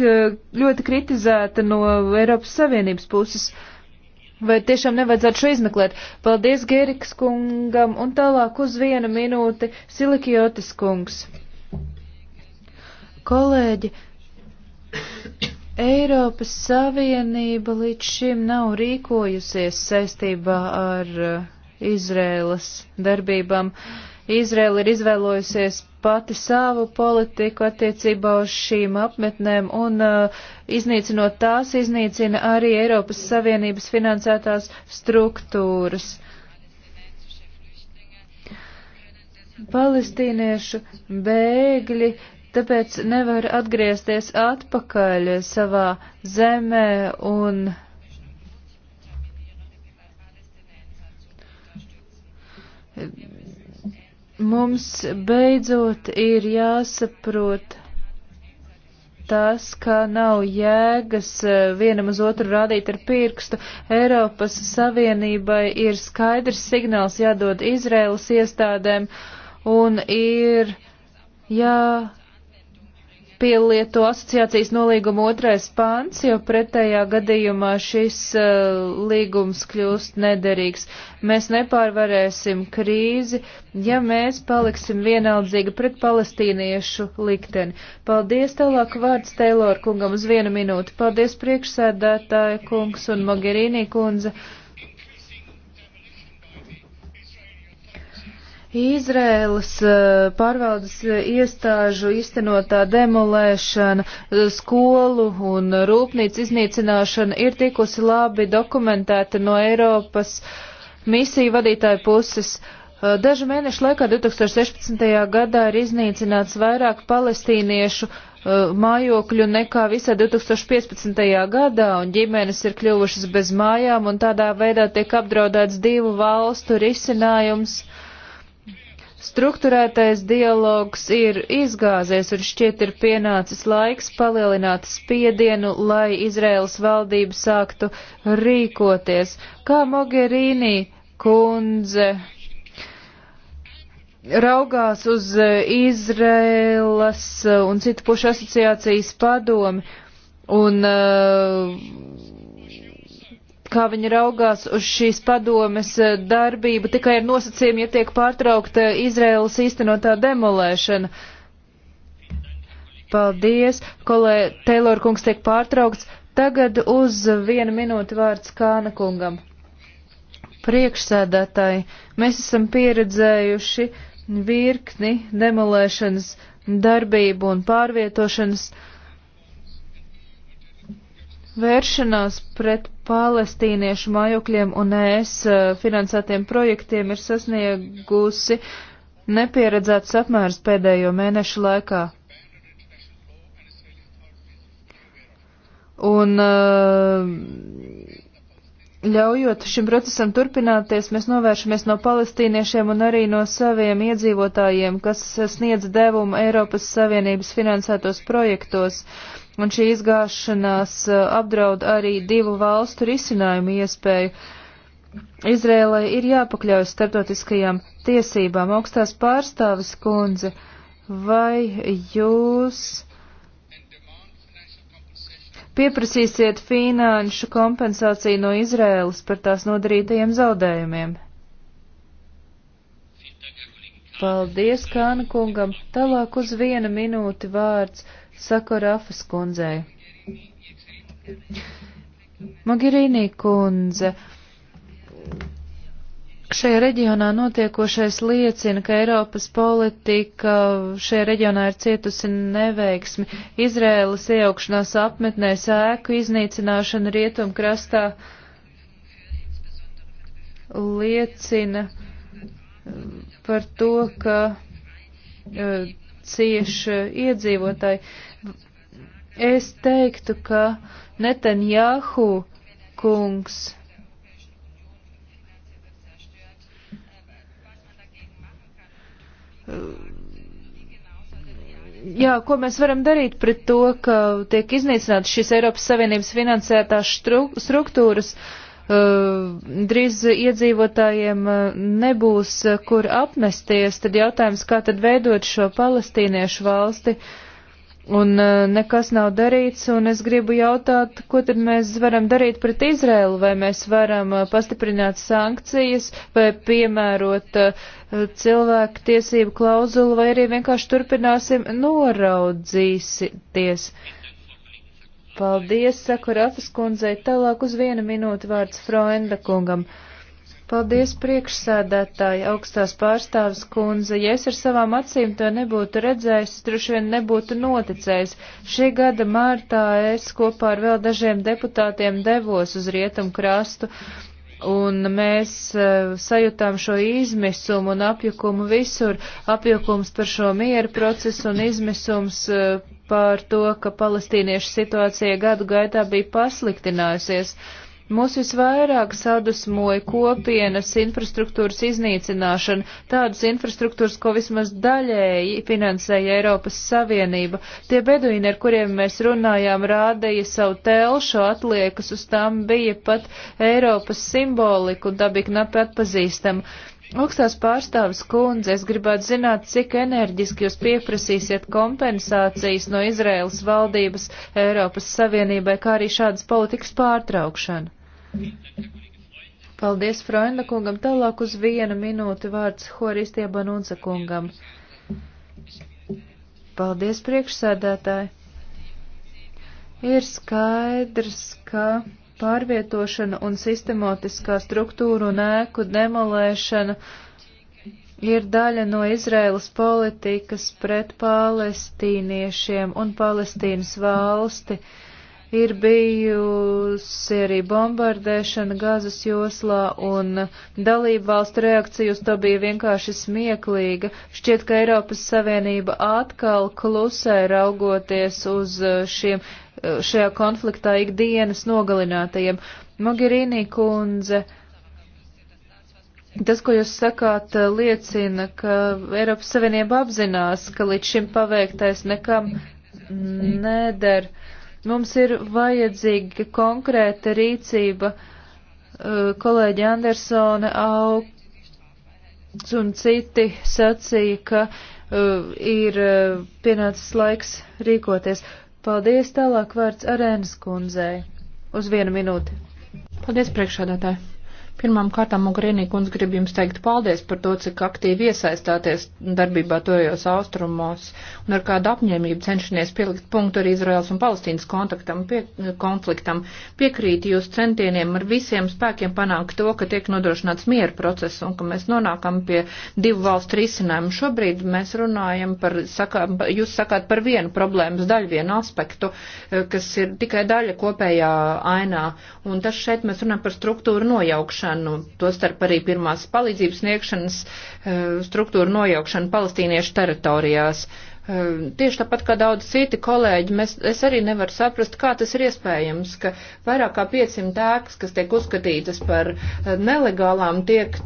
ļoti kritizēta no Eiropas Savienības puses. Uh, Vai tiešām nevajadzētu šo izmeklēt? Paldies Gēriks kungam un tālāk uz vienu minūti Silikjotis kungs. Kolēģi, Eiropas Savienība līdz šim nav rīkojusies saistībā ar uh, eh, Izrēlas darbībām. Uh, Izraela ir izvēlojusies pati savu politiku attiecībā uz šīm apmetnēm un uh, iznīcinot tās, iznīcina arī Eiropas Savienības finansētās struktūras. Palestīniešu bēgļi tāpēc nevar atgriezties atpakaļ savā zemē un Mums beidzot ir jāsaprot tas, ka nav jēgas e, vienam uz otru rādīt ar pirkstu. Eiropas Savienībai ir skaidrs signāls jādod Izraels iestādēm un ir jā jāpielieto asociācijas nolīguma otrais pāns, jo pretējā gadījumā šis uh, līgums kļūst nederīgs. Mēs nepārvarēsim krīzi, ja mēs paliksim vienaldzīgi pret palestīniešu likteni. Paldies, tālāk vārds Teilor kungam uz vienu minūti. Paldies, priekšsēdētāja kungs un Mogherīnī kundze. Uh, Izrēlas eh, pārvaldes eh, iestāžu iztenotā demolēšana, eh, skolu un rūpnīcu iznīcināšana ir tikusi labi dokumentēta no Eiropas misiju vadītāju puses. Dažu mēnešu laikā 2016. gadā ir iznīcināts vairāk palestīniešu mājokļu nekā visā 2015. gadā, un ģimenes ir kļuvušas bez mājām, un tādā veidā tiek apdraudēts divu valstu risinājums Struktūrētais dialogs ir izgāzies un šķiet ir pienācis laiks palielināt spiedienu, lai Izraels valdība sāktu rīkoties, kā Mogherīnī kundze raugās uz Izraēlas un citu pušu asociācijas padomi un uh, kā viņi raugās uz šīs padomes eh, darbību tikai ar nosacījumu, ja tiek pārtraukta Izraēlas īstenotā demolēšana. Paldies, kolē Taylor kungs tiek pārtraukts. Tagad uz vienu minūti vārds Kāna kungam. Priekšsēdētāji, mēs esam pieredzējuši virkni demolēšanas darbību un pārvietošanas darbību Vēršanās pret palestīniešu mājokļiem un ES eh, finansētiem projektiem ir sasniegusi nepieredzēts apmērs pēdējo mēnešu laikā. Un eh, ļaujot šim procesam turpināties, mēs novēršamies no palestīniešiem un arī no saviem iedzīvotājiem, kas sniedz devumu Eiropas Savienības finansētos projektos. Uh, un šī izgāšanās eh, apdraud arī divu valstu risinājumu iespēju. Izrēlai ir jāpakļaujas starptautiskajām tiesībām. Augstās pārstāvis kundze, vai jūs pieprasīsiet finanšu kompensāciju no Izrēlas par tās nodarītajiem zaudējumiem? Paldies Kāna kungam. Tālāk uz viena minūti vārds Saka Rafas kundzei. Magirīnī kundze. Šajā reģionā notiekošais liecina, ka Eiropas politika šajā reģionā ir cietusi neveiksmi. Izrēlas iejaukšanās apmetnēs ēku iznīcināšana rietumkrastā liecina um, par to, ka uh, cieši iedzīvotāji. Uh, Es teiktu, ka Netanjahu kungs Jā, ko mēs varam darīt pret to, ka tiek iznīcināts šis Eiropas Savienības finansētās struktūras, uh, drīz iedzīvotājiem uh, nebūs, uh, kur apmesties, tad jautājums, kā tad veidot šo palestīniešu valsti. Uh, un e, nekas nav darīts, un es gribu jautāt, ko tad mēs varam darīt pret Izraelu, vai mēs varam e, pastiprināt sankcijas, vai piemērot e, cilvēku tiesību klauzulu, vai arī vienkārši turpināsim noraudzīsies. Paldies, saku Rafas kundzei, tālāk uz vienu minūti vārds Freunda kungam. Uh, Paldies priekšsēdētāji, augstās pārstāvis kundze. Ja es ar savām acīm to nebūtu redzējis, droši vien nebūtu noticējis. Šī gada mārtā es kopā ar vēl dažiem deputātiem devos uz rietumu krastu, un mēs uh, e, sajūtām šo izmisumu un apjukumu visur. Apjukums par šo mieru procesu un izmisums. Uh, par to, ka palestīniešu situācija gadu gaitā bija pasliktinājusies. Uh, Mūs visvairāk sadusmoja kopienas infrastruktūras iznīcināšana, tādas infrastruktūras, ko vismaz daļēji finansēja Eiropas Savienība. Tie beduīni, ar kuriem mēs runājām, rādīja savu telšu atliekas, uz tām bija pat Eiropas simbolika un tā bija knapi atpazīstama. Augstās pārstāvis kundze, es gribētu zināt, cik enerģiski jūs pieprasīsiet kompensācijas no Izraēlas valdības Eiropas Savienībai, kā arī šādas politikas pārtraukšanu. Paldies Freunda kungam. Tālāk uz vienu minūti vārds Horistiem Banunca kungam. Paldies priekšsēdētāji. Ir skaidrs, ka pārvietošana un sistemātiskā struktūra un ēku demolēšana ir daļa no Izraēlas politikas pret palestīniešiem un Palestīnas valsti. Uh, ir bijusi arī bombardēšana Gazas joslā un dalība valstu reakcija uz to bija vienkārši smieklīga. Šķiet, ka Eiropas Savienība atkal klusē raugoties uz šiem, šajā konfliktā ikdienas nogalinātajiem. Mogherini kundze. Tas, ko jūs sakāt, liecina, ka Eiropas Savienība apzinās, ka līdz šim paveiktais nekam neder. Uh, Mums ir vajadzīga konkrēta rīcība eh, kolēģi Andersone, Auks un citi sacīja, ka uh, ir uh, pienācis laiks rīkoties. Paldies tālāk vārds arēnas kundzei. Uz vienu minūti. Paldies priekšādātāji. Pirmām kārtām, Mogherini kundze, gribu jums teikt paldies par to, cik aktīvi iesaistāties darbībā tojos austrumos un ar kādu apņēmību cenšanies pielikt punktu arī Izraels un Palestīnas kontaktam, pie, konfliktam. Piekrīt jūs centieniem ar visiem spēkiem panākt to, ka tiek nodrošināts miera process un ka mēs nonākam pie divu valstu risinājumu. Šobrīd mēs runājam par, sakā, jūs sakāt par vienu problēmas daļu, vienu aspektu, eh, kas ir tikai daļa kopējā ainā. Un tas šeit mēs runājam par struktūru nojaukšanu nojaukšanu, to starp arī pirmās palīdzības sniegšanas eh, struktūru nojaukšanu palestīniešu teritorijās. Uh, Ehm, tieši tāpat kā daudz citi kolēģi, mēs, es arī nevaru saprast, kā tas ir iespējams, ka vairāk kā 500 ēkas, kas tiek uzskatītas par eh, nelegālām, tiek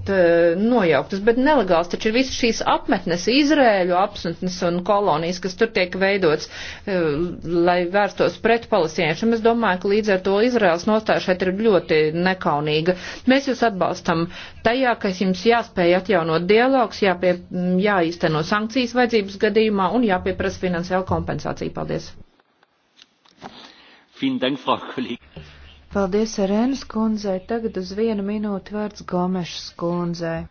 nojauktas, bet nelegāls taču ir visas šīs apmetnes, Izrēļu apmetnes un kolonijas, kas tur tiek veidots, ehm, lai vērstos pret palestieniešiem. Es domāju, ka līdz ar to Izrēlas nostāja šeit ir ļoti nekaunīga. Mēs jūs atbalstam tajā, ka jums jāspēj atjaunot dialogs, jāpie, jāīsteno sankcijas vajadzības gadījumā un jā jāpieprasa finansiāla kompensācija. Paldies! Paldies, Arēnas kundzei. Tagad uz vienu minūti vārds Gomešas kundzei.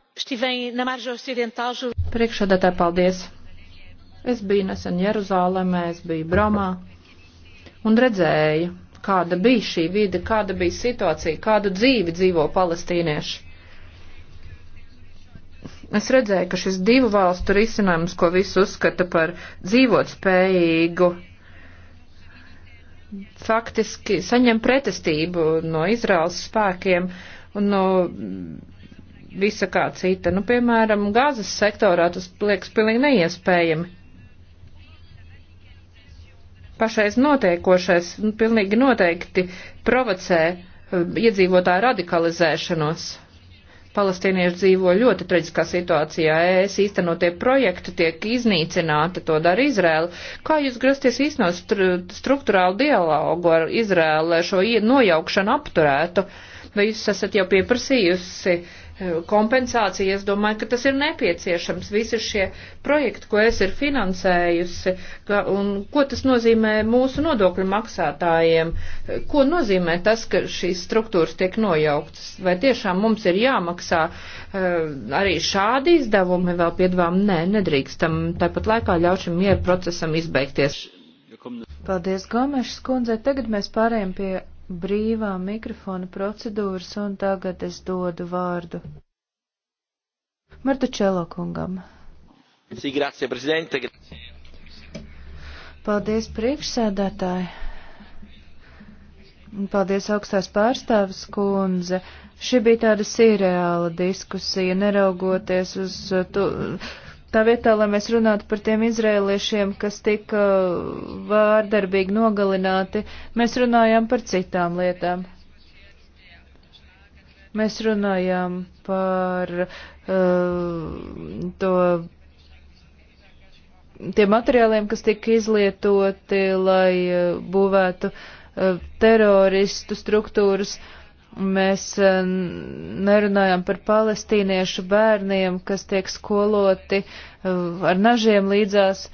Priekšādātāji, paldies! Es biju nesen Jeruzālēmē, es biju Bromā un redzēju, kāda bija šī vide, kāda bija situācija, kādu dzīvi dzīvo palestīnieši. Es redzēju, ka šis divu valstu risinājums, ko visi uzskata par dzīvot spējīgu, faktiski saņem pretestību no Izraels spēkiem un no visa kā cita. Nu, piemēram, gāzes sektorā tas liekas pilnīgi neiespējami pašais notiekošais nu, pilnīgi noteikti provocē eh, iedzīvotāju radikalizēšanos. Palestīnieši dzīvo ļoti traģiskā situācijā. ES īstenotie projekti tiek iznīcināti, to dara Izrēla. Kā jūs grasties īstenot stru, struktūrālu dialogu ar Izrēlu, lai šo nojaukšanu apturētu? Vai jūs esat jau pieprasījusi uh, Eh, kompensācija. Es domāju, ka tas ir nepieciešams. Visi šie projekti, ko es ir finansējusi, ka, un ko tas nozīmē mūsu nodokļu maksātājiem, eh, ko nozīmē tas, ka šīs struktūras tiek nojauktas. Vai tiešām mums ir jāmaksā eh, arī šādi izdevumi vēl piedvām? Nē, nedrīkstam. Tāpat laikā ļaušam mieru procesam izbeigties. Paldies, Gomešs kundze. Tagad mēs pārējām pie brīvā mikrofona procedūras, un tagad es dodu vārdu Marta Čelo kungam. Sī, grazie, prezidente. Paldies, priekšsēdētāji. Paldies, augstās pārstāvis kundze. Šī bija tāda sīreāla diskusija, neraugoties uz to. Tu Tā vietā, lai mēs runātu par tiem izrēliešiem, kas tika uh, vārdarbīgi nogalināti, mēs runājām par citām lietām. Mēs runājām par uh, to, tiem materiāliem, kas tika izlietoti, lai uh, būvētu uh, teroristu struktūras. Uh, Mēs e, nerunājam par palestīniešu bērniem, kas tiek skoloti e, ar nažiem līdzās.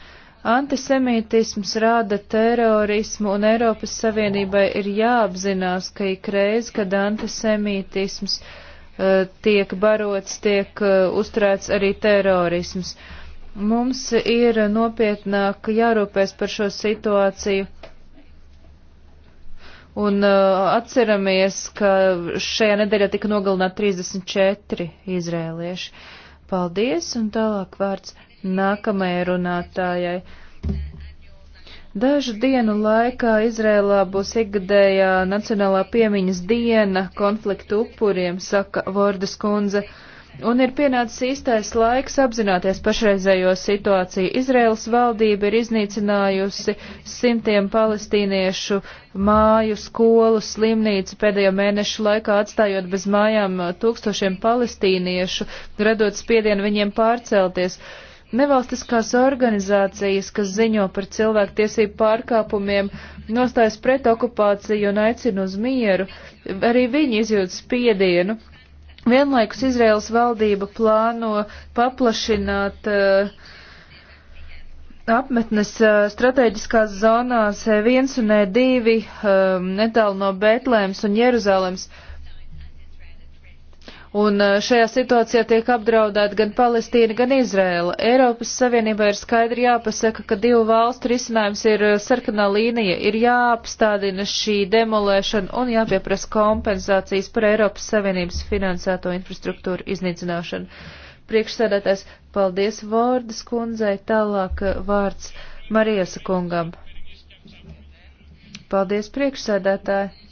Antisemītisms rāda terorismu, un Eiropas Savienībai ir jāapzinās, ka ik reiz, kad antisemītisms uh, tiek barots, tiek uh, uzturēts arī terorisms. Mums ir nopietnāk jārūpēs par šo situāciju. Un uh, atceramies, ka šajā nedēļā tika nogalināti 34 izrēlieši. Paldies, un tālāk vārds nākamajai runātājai. Dažu dienu laikā Izrēlā būs ikgadējā Nacionālā piemiņas diena konfliktu upuriem, saka Vordas kundze. Uh, Un ir pienācis īstais laiks apzināties pašreizējo situāciju. Izraels valdība ir iznīcinājusi simtiem palestīniešu māju, skolu, slimnīcu pēdējo mēnešu laikā, atstājot bez mājām uh, tūkstošiem palestīniešu, radot spiedienu viņiem pārcelties. Nevalstiskās organizācijas, kas ziņo par cilvēktiesību pārkāpumiem, nostājas pret okupāciju un aicina uz mieru, arī viņi izjūt spiedienu Vienlaikus Izraels valdība plāno paplašināt uh, apmetnes uh, strateģiskās zonās E1 eh, un E2 um, netālu no Betlēms un Jeruzalems. Uh, Un eh, šajā situācijā tiek apdraudēta gan Palestīna, gan Izrēla. Eiropas Savienībā ir skaidri jāpasaka, ka divu valstu risinājums ir eh, sarkanā līnija, ir jāapstādina šī demolēšana un jāpieprasa kompensācijas par Eiropas Savienības finansēto infrastruktūru iznīcināšanu. Priekšsēdētājs, paldies Vordas kundzei, tālāk eh, vārds Marijas kungam. Paldies priekšsēdētāji.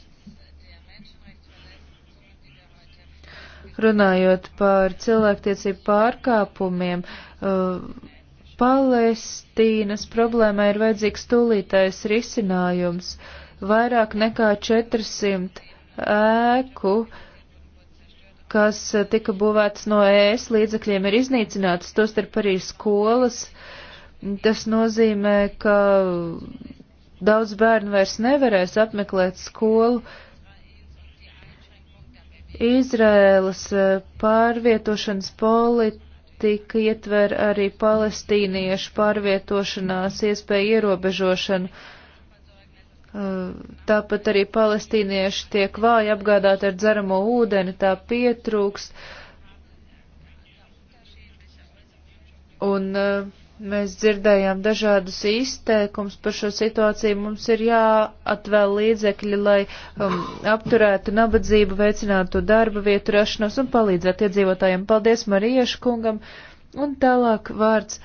runājot par cilvēktiesību pārkāpumiem, uh, Palestīnas problēmai ir vajadzīgs tūlītais risinājums. Vairāk nekā 400 ēku, kas tika būvētas no ēs līdzekļiem, ir iznīcinātas, tostarp arī skolas. Tas nozīmē, ka daudz bērnu vairs nevarēs apmeklēt skolu. Uh, Izraēlas eh, pārvietošanas politika ietver arī palestīniešu pārvietošanās iespēju ierobežošanu. Eh, tāpat arī palestīnieši tiek vāji apgādāti ar dzeramo ūdeni, tā pietrūkst. Un uh, Mēs dzirdējām dažādus izteikums par šo situāciju. Mums ir jāatvēl līdzekļi, lai um, apturētu nabadzību, veicinātu darba vietu rašanos un palīdzētu iedzīvotājiem. Paldies Mariešu kungam. Un tālāk vārds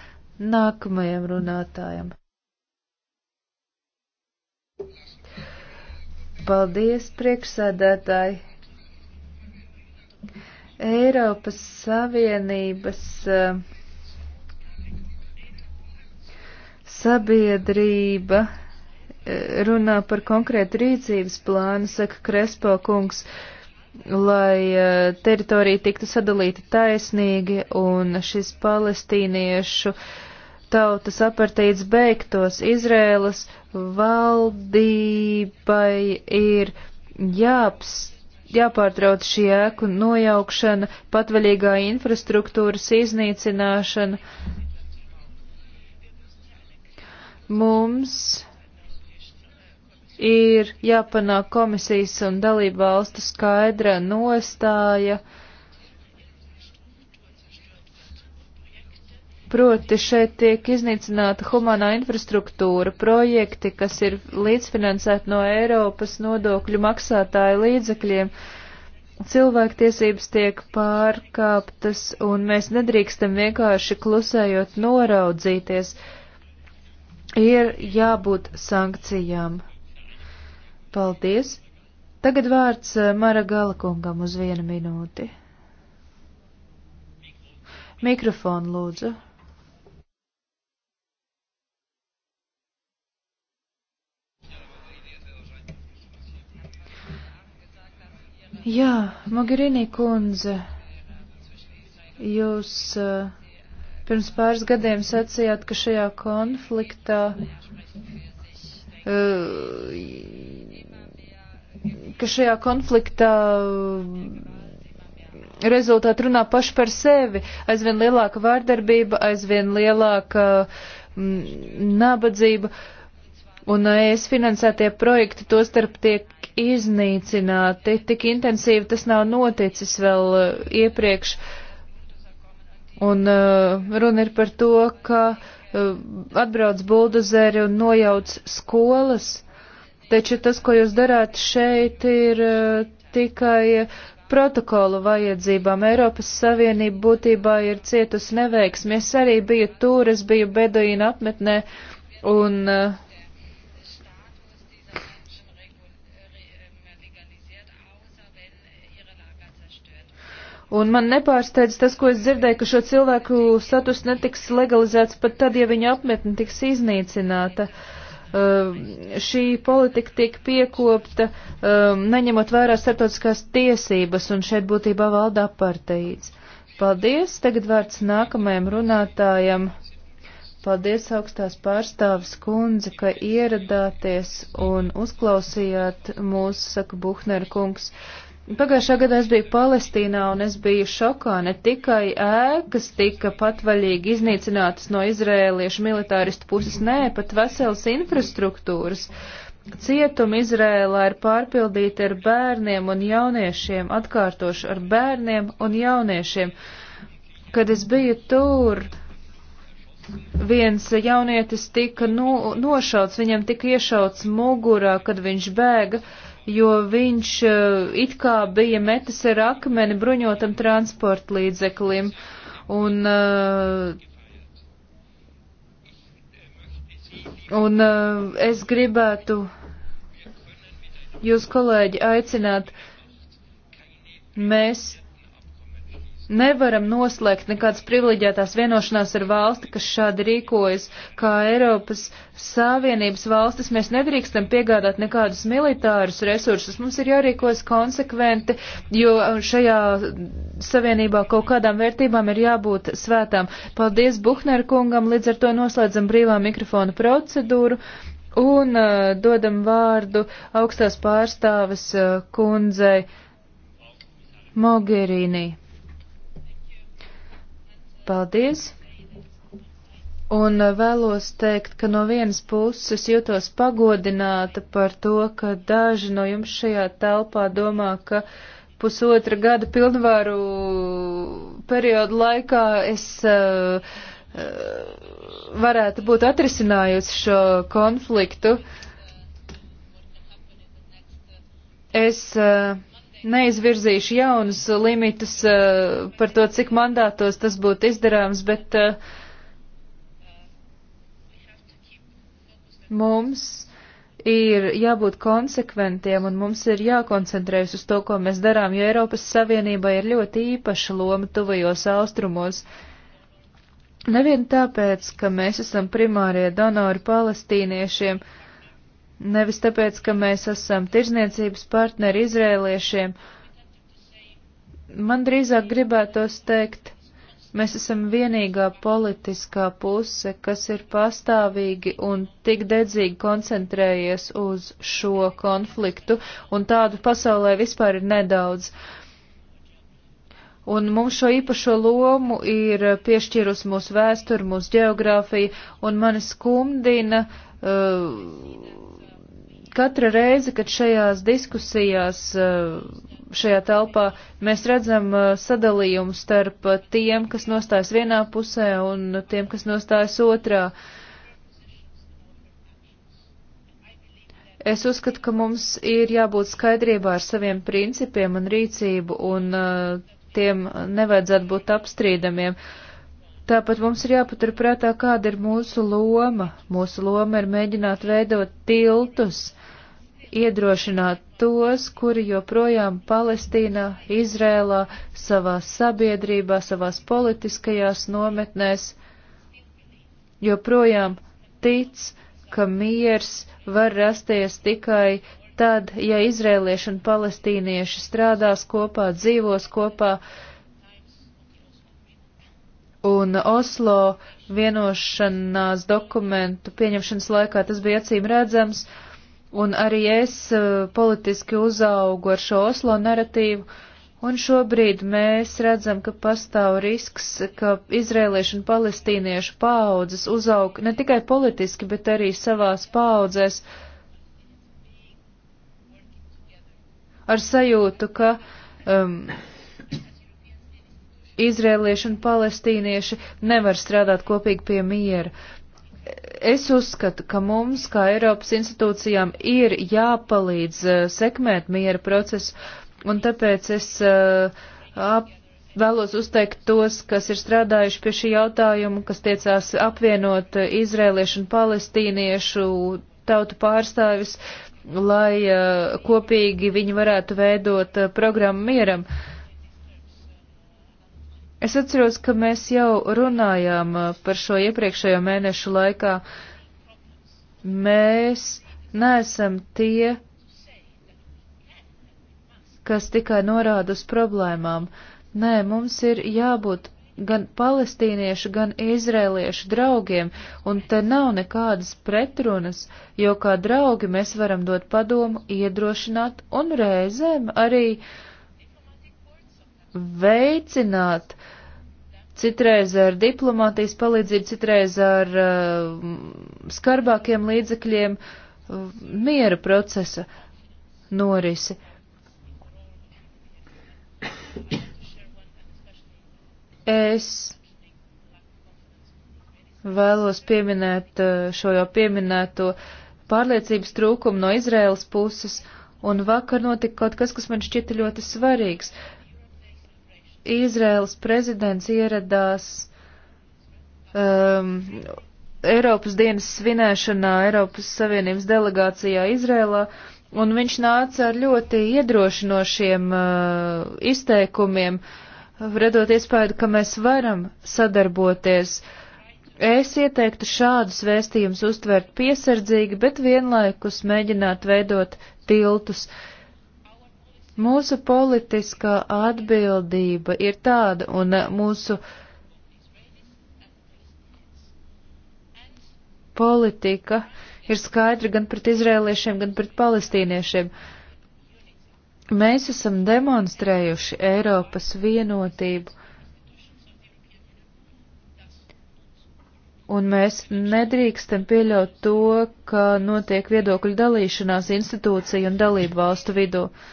nākamajam runātājam. Paldies, priekšsēdētāji. Eiropas Savienības. Uh, Sabiedrība e, runā par konkrētu rīcības plānu, saka Krespo kungs, lai e, teritorija tiktu sadalīta taisnīgi un šis palestīniešu tautas apartīts beigtos. Izrēlas valdībai ir jāapstāv jāpārtrauc šī ēku nojaukšana, patvaļīgā infrastruktūras iznīcināšana, Mums ir jāpanāk komisijas un dalību valstu skaidra nostāja. Proti šeit tiek iznīcināta humanā infrastruktūra, projekti, kas ir līdzfinansēti no Eiropas nodokļu maksātāju līdzekļiem. Cilvēktiesības tiek pārkāptas, un mēs nedrīkstam vienkārši klusējot noraudzīties. Uh, ir jābūt sankcijām. Paldies! Tagad vārds eh, Mara Galakungam uz vienu minūti. Mikrofonu lūdzu. Jā, Mogherini kundze, jūs uh, Pirms pāris gadiem sacījāt, ka šajā konfliktā uh, ka šajā konfliktā uh, rezultāti runā paši par sevi. Aizvien lielāka vārdarbība, aizvien lielāka mm, nabadzība, un uh, es finansētie projekti to starp tiek iznīcināti. Tik intensīvi tas nav noticis vēl iepriekš. Uh, Un uh, runa ir par to, ka uh, atbrauc buldozeri un nojauc skolas, taču tas, ko jūs darāt šeit, ir uh, tikai protokolu vajadzībām. Eiropas Savienība būtībā ir cietusi neveiksmi. Es arī biju tur, es biju Beduīna apmetnē un uh, Un man nepārsteidz tas, ko es dzirdēju, ka šo cilvēku status netiks legalizēts pat tad, ja viņa apmetne tiks iznīcināta. Uh, šī politika tiek piekopta, uh, neņemot vērā starptautiskās tiesības, un šeit būtībā valda aparteids. Paldies, tagad vārds nākamajam runātājam. Paldies, augstās pārstāvis kundze, ka ieradāties un uzklausījāt mūsu, saka Buhner kungs. Uh, Pagājušā gada es biju Palestīnā un es biju šokā. Ne tikai ēkas tika patvaļīgi iznīcinātas no izrēliešu militāristu puses, nē, pat veselas infrastruktūras. Cietumi Izrēlā ir pārpildīti ar bērniem un jauniešiem, atkārtoši ar bērniem un jauniešiem. Kad es biju tur, viens jaunietis tika no, nošauts, viņam tika iešauts mugurā, kad viņš bēga. Uh, jo viņš eh, it kā bija metis ar akmeni bruņotam transporta līdzeklim. Un, eh, un eh, es gribētu jūs, kolēģi, aicināt, mēs nevaram noslēgt nekādas privileģētās vienošanās ar valsti, kas šādi rīkojas, kā Eiropas Savienības valstis. Mēs nedrīkstam piegādāt nekādus militārus resursus. Mums ir jārīkojas konsekventi, jo šajā savienībā kaut kādām vērtībām ir jābūt svētām. Paldies Buhner kungam, līdz ar to noslēdzam brīvā mikrofona procedūru. Un uh, dodam vārdu augstās pārstāves uh, kundzei Mogherini. Paldies! Un uh, vēlos teikt, ka no vienas puses jūtos pagodināta par to, ka daži no jums šajā telpā domā, ka pusotra gada pilnvaru periodu laikā es uh, uh, varētu būt atrisinājusi šo konfliktu. Es uh, neizvirzīšu jaunus limitus eh, par to, cik mandātos tas būtu izdarāms, bet eh, mums ir jābūt konsekventiem un mums ir jākoncentrējas uz to, ko mēs darām, jo Eiropas Savienībai ir ļoti īpaša loma tuvajos austrumos. Nevien tāpēc, ka mēs esam primārie donori palestīniešiem, uh, nevis tāpēc, ka mēs esam tirzniecības partneri izrēliešiem. Man drīzāk gribētos teikt, mēs esam vienīgā politiskā puse, kas ir pastāvīgi un tik dedzīgi koncentrējies uz šo konfliktu, un tādu pasaulē vispār ir nedaudz. Un mums šo īpašo lomu ir piešķīrusi mūsu vēsture, mūsu geogrāfija, un mani skumdina uh, Katra reize, kad šajās diskusijās eh, šajā telpā mēs redzam eh, sadalījumu starp eh, tiem, kas nostājas vienā pusē un tiem, kas nostājas otrā. Es uzskatu, ka mums ir jābūt skaidrībā ar saviem principiem un rīcību, un tiem nevajadzētu būt apstrīdamiem. Uh, Tāpat mums ir jāpaturprātā, kāda ir mūsu loma. Mūsu loma ir mēģināt veidot tiltus, iedrošināt tos, kuri joprojām Palestīnā, Izrēlā, savā sabiedrībā, savās politiskajās nometnēs joprojām tic, ka miers var rasties tikai tad, ja izrēlieši un palestīnieši strādās kopā, dzīvos kopā, uh, un Oslo vienošanās dokumentu pieņemšanas laikā tas bija acīm redzams, un arī es e, politiski uzaugu ar šo Oslo naratīvu, un šobrīd mēs redzam, ka pastāv risks, ka izrēliešu un palestīniešu paaudzes uzaug ne tikai politiski, bet arī savās paaudzēs ar sajūtu, ka um, izrēlieši un palestīnieši nevar strādāt kopīgi pie miera. Es uzskatu, ka mums, kā Eiropas institūcijām, ir jāpalīdz uh, sekmēt miera procesu, un tāpēc es uh, ap, vēlos uzteikt tos, kas ir strādājuši pie šī jautājuma, kas tiecās apvienot uh, izrēliešu un palestīniešu tautu pārstāvis, lai uh, kopīgi viņi varētu veidot uh, programmu mieram. Uh, Es atceros, ka mēs jau runājām uh, par šo iepriekšējo mēnešu laikā. Mēs neesam tie, kas tikai norāda uz problēmām. Nē, mums ir jābūt gan palestīniešu, gan izrēliešu draugiem, un te nav nekādas pretrunas, jo kā draugi mēs varam dot padomu, iedrošināt un reizēm arī uh, veicināt citreiz ar diplomātijas palīdzību, citreiz ar uh, skarbākiem līdzekļiem uh, miera procesa norisi. Es vēlos pieminēt uh, šo jau pieminēto pārliecības trūkumu no Izraēlas puses, un vakar notika kaut kas, kas man šķita ļoti svarīgs. Uh, Izraels prezidents ieradās um, Eiropas dienas svinēšanā Eiropas Savienības delegācijā Izrēlā, un viņš nāca ar ļoti iedrošinošiem uh, izteikumiem, redot iespēju, ka mēs varam sadarboties. Es ieteiktu šādus vēstījumus uztvert piesardzīgi, bet vienlaikus mēģināt veidot tiltus. Uh, Mūsu politiskā atbildība ir tāda, un eh, mūsu politika ir skaidra gan pret izrēliešiem, gan pret palestīniešiem. Mēs esam demonstrējuši Eiropas vienotību, un mēs nedrīkstam pieļaut to, ka notiek viedokļu dalīšanās institūciju un dalību valstu vidū. Uh,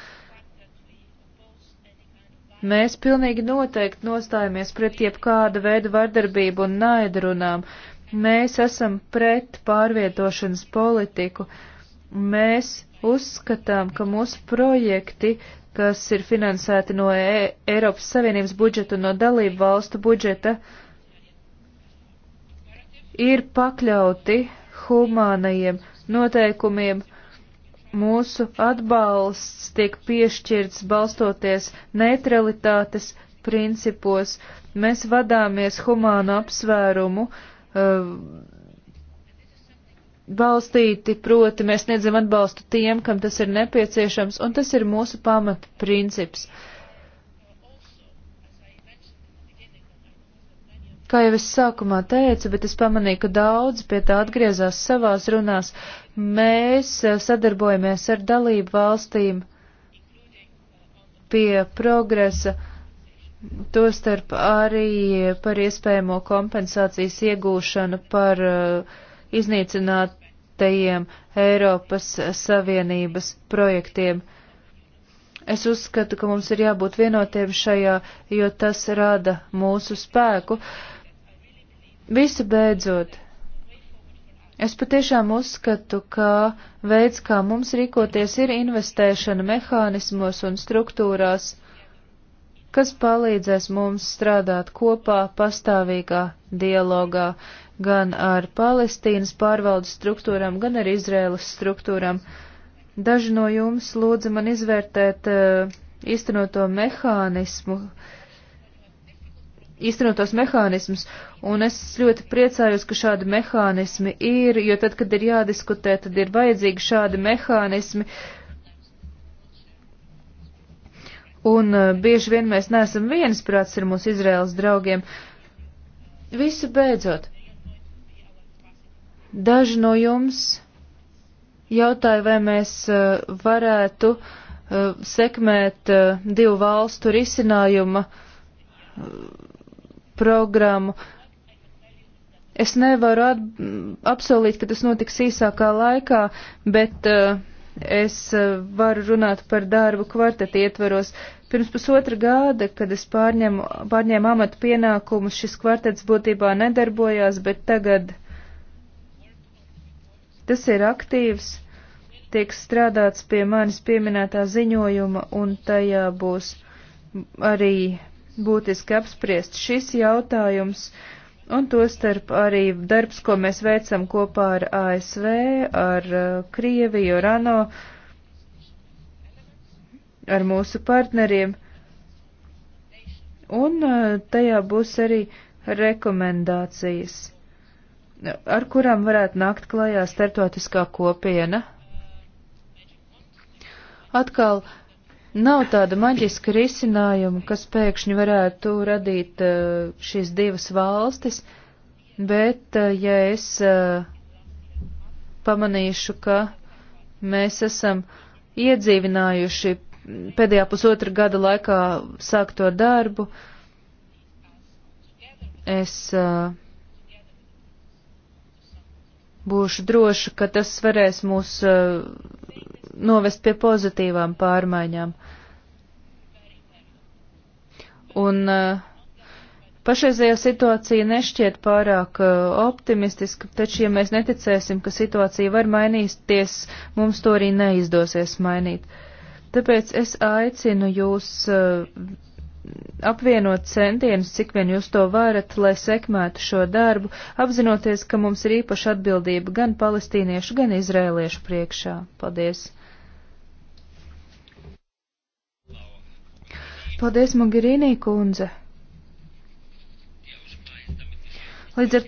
Mēs pilnīgi noteikti nostājamies pret jebkāda veida vardarbību un naidrunām. Mēs esam pret pārvietošanas politiku. Mēs uzskatām, ka mūsu projekti, kas ir finansēti no e Eiropas Savienības budžeta un no dalību valstu budžeta, ir pakļauti humānajiem noteikumiem mūsu atbalsts tiek piešķirts balstoties neutralitātes principos. Mēs vadāmies humānu apsvērumu uh, balstīti, proti mēs sniedzam atbalstu tiem, kam tas ir nepieciešams, un tas ir mūsu pamata princips. Kā jau es sākumā teicu, bet es pamanīju, ka daudz pie tā atgriezās savās runās, Mēs eh, sadarbojamies ar dalību valstīm pie progresa, tostarp arī par iespējamo kompensācijas iegūšanu par eh, iznīcinātajiem Eiropas Savienības projektiem. Es uzskatu, ka mums ir jābūt vienotiem šajā, jo tas rada mūsu spēku. Visu beidzot, Es patiešām uzskatu, ka veids, kā mums rīkoties, ir investēšana mehānismos un struktūrās, kas palīdzēs mums strādāt kopā pastāvīgā dialogā gan ar Palestīnas pārvaldes struktūrām, gan ar Izrēlas struktūrām. Daži no jums lūdza man izvērtēt uh, īstenoto mehānismu, uh, īstenotos mehānismus, un es ļoti priecājos, ka šādi mehānismi ir, jo tad, kad ir jādiskutē, tad ir vajadzīgi šādi mehānismi. Un uh, bieži vien mēs neesam viensprāts ar mūsu Izraels draugiem. Visu beidzot, daži no jums jautāja, vai mēs uh, varētu uh, sekmēt uh, divu valstu risinājuma uh, programmu. Es nevaru at, apsolīt, ka tas notiks īsākā laikā, bet uh, es uh, varu runāt par darbu kvarteti ietveros. Pirms pusotra gada, kad es pārņemu, pārņēmu amatu pienākumus, šis kvartets būtībā nedarbojās, bet tagad tas ir aktīvs, tiek strādāts pie manis pieminētā ziņojuma, un tajā būs arī būtiski apspriest šis jautājums, un to starp arī darbs, ko mēs veicam kopā ar ASV, ar uh, Krieviju, ar ANO, ar mūsu partneriem. Un uh, tajā būs arī rekomendācijas, ar kurām varētu nākt klajā startotiskā kopiena. Atkal Nav tāda maģiska risinājuma, kas pēkšņi varētu radīt eh, šīs divas valstis, bet eh, ja es eh, pamanīšu, ka mēs esam iedzīvinājuši pēdējā pusotra gada laikā sākto darbu, es uh, būšu droša, ka tas varēs mūs uh, novest pie pozitīvām pārmaiņām. Un uh, Pašreizējā situācija nešķiet pārāk uh, optimistiska, taču, ja mēs neticēsim, ka situācija var mainīties, mums to arī neizdosies mainīt. Tāpēc es aicinu jūs uh, apvienot centienus, cik vien jūs to varat, lai sekmētu šo darbu, apzinoties, ka mums ir īpaša atbildība gan palestīniešu, gan izrēliešu priekšā. Paldies! Paldies, Mogherini kundze! Līdz ar to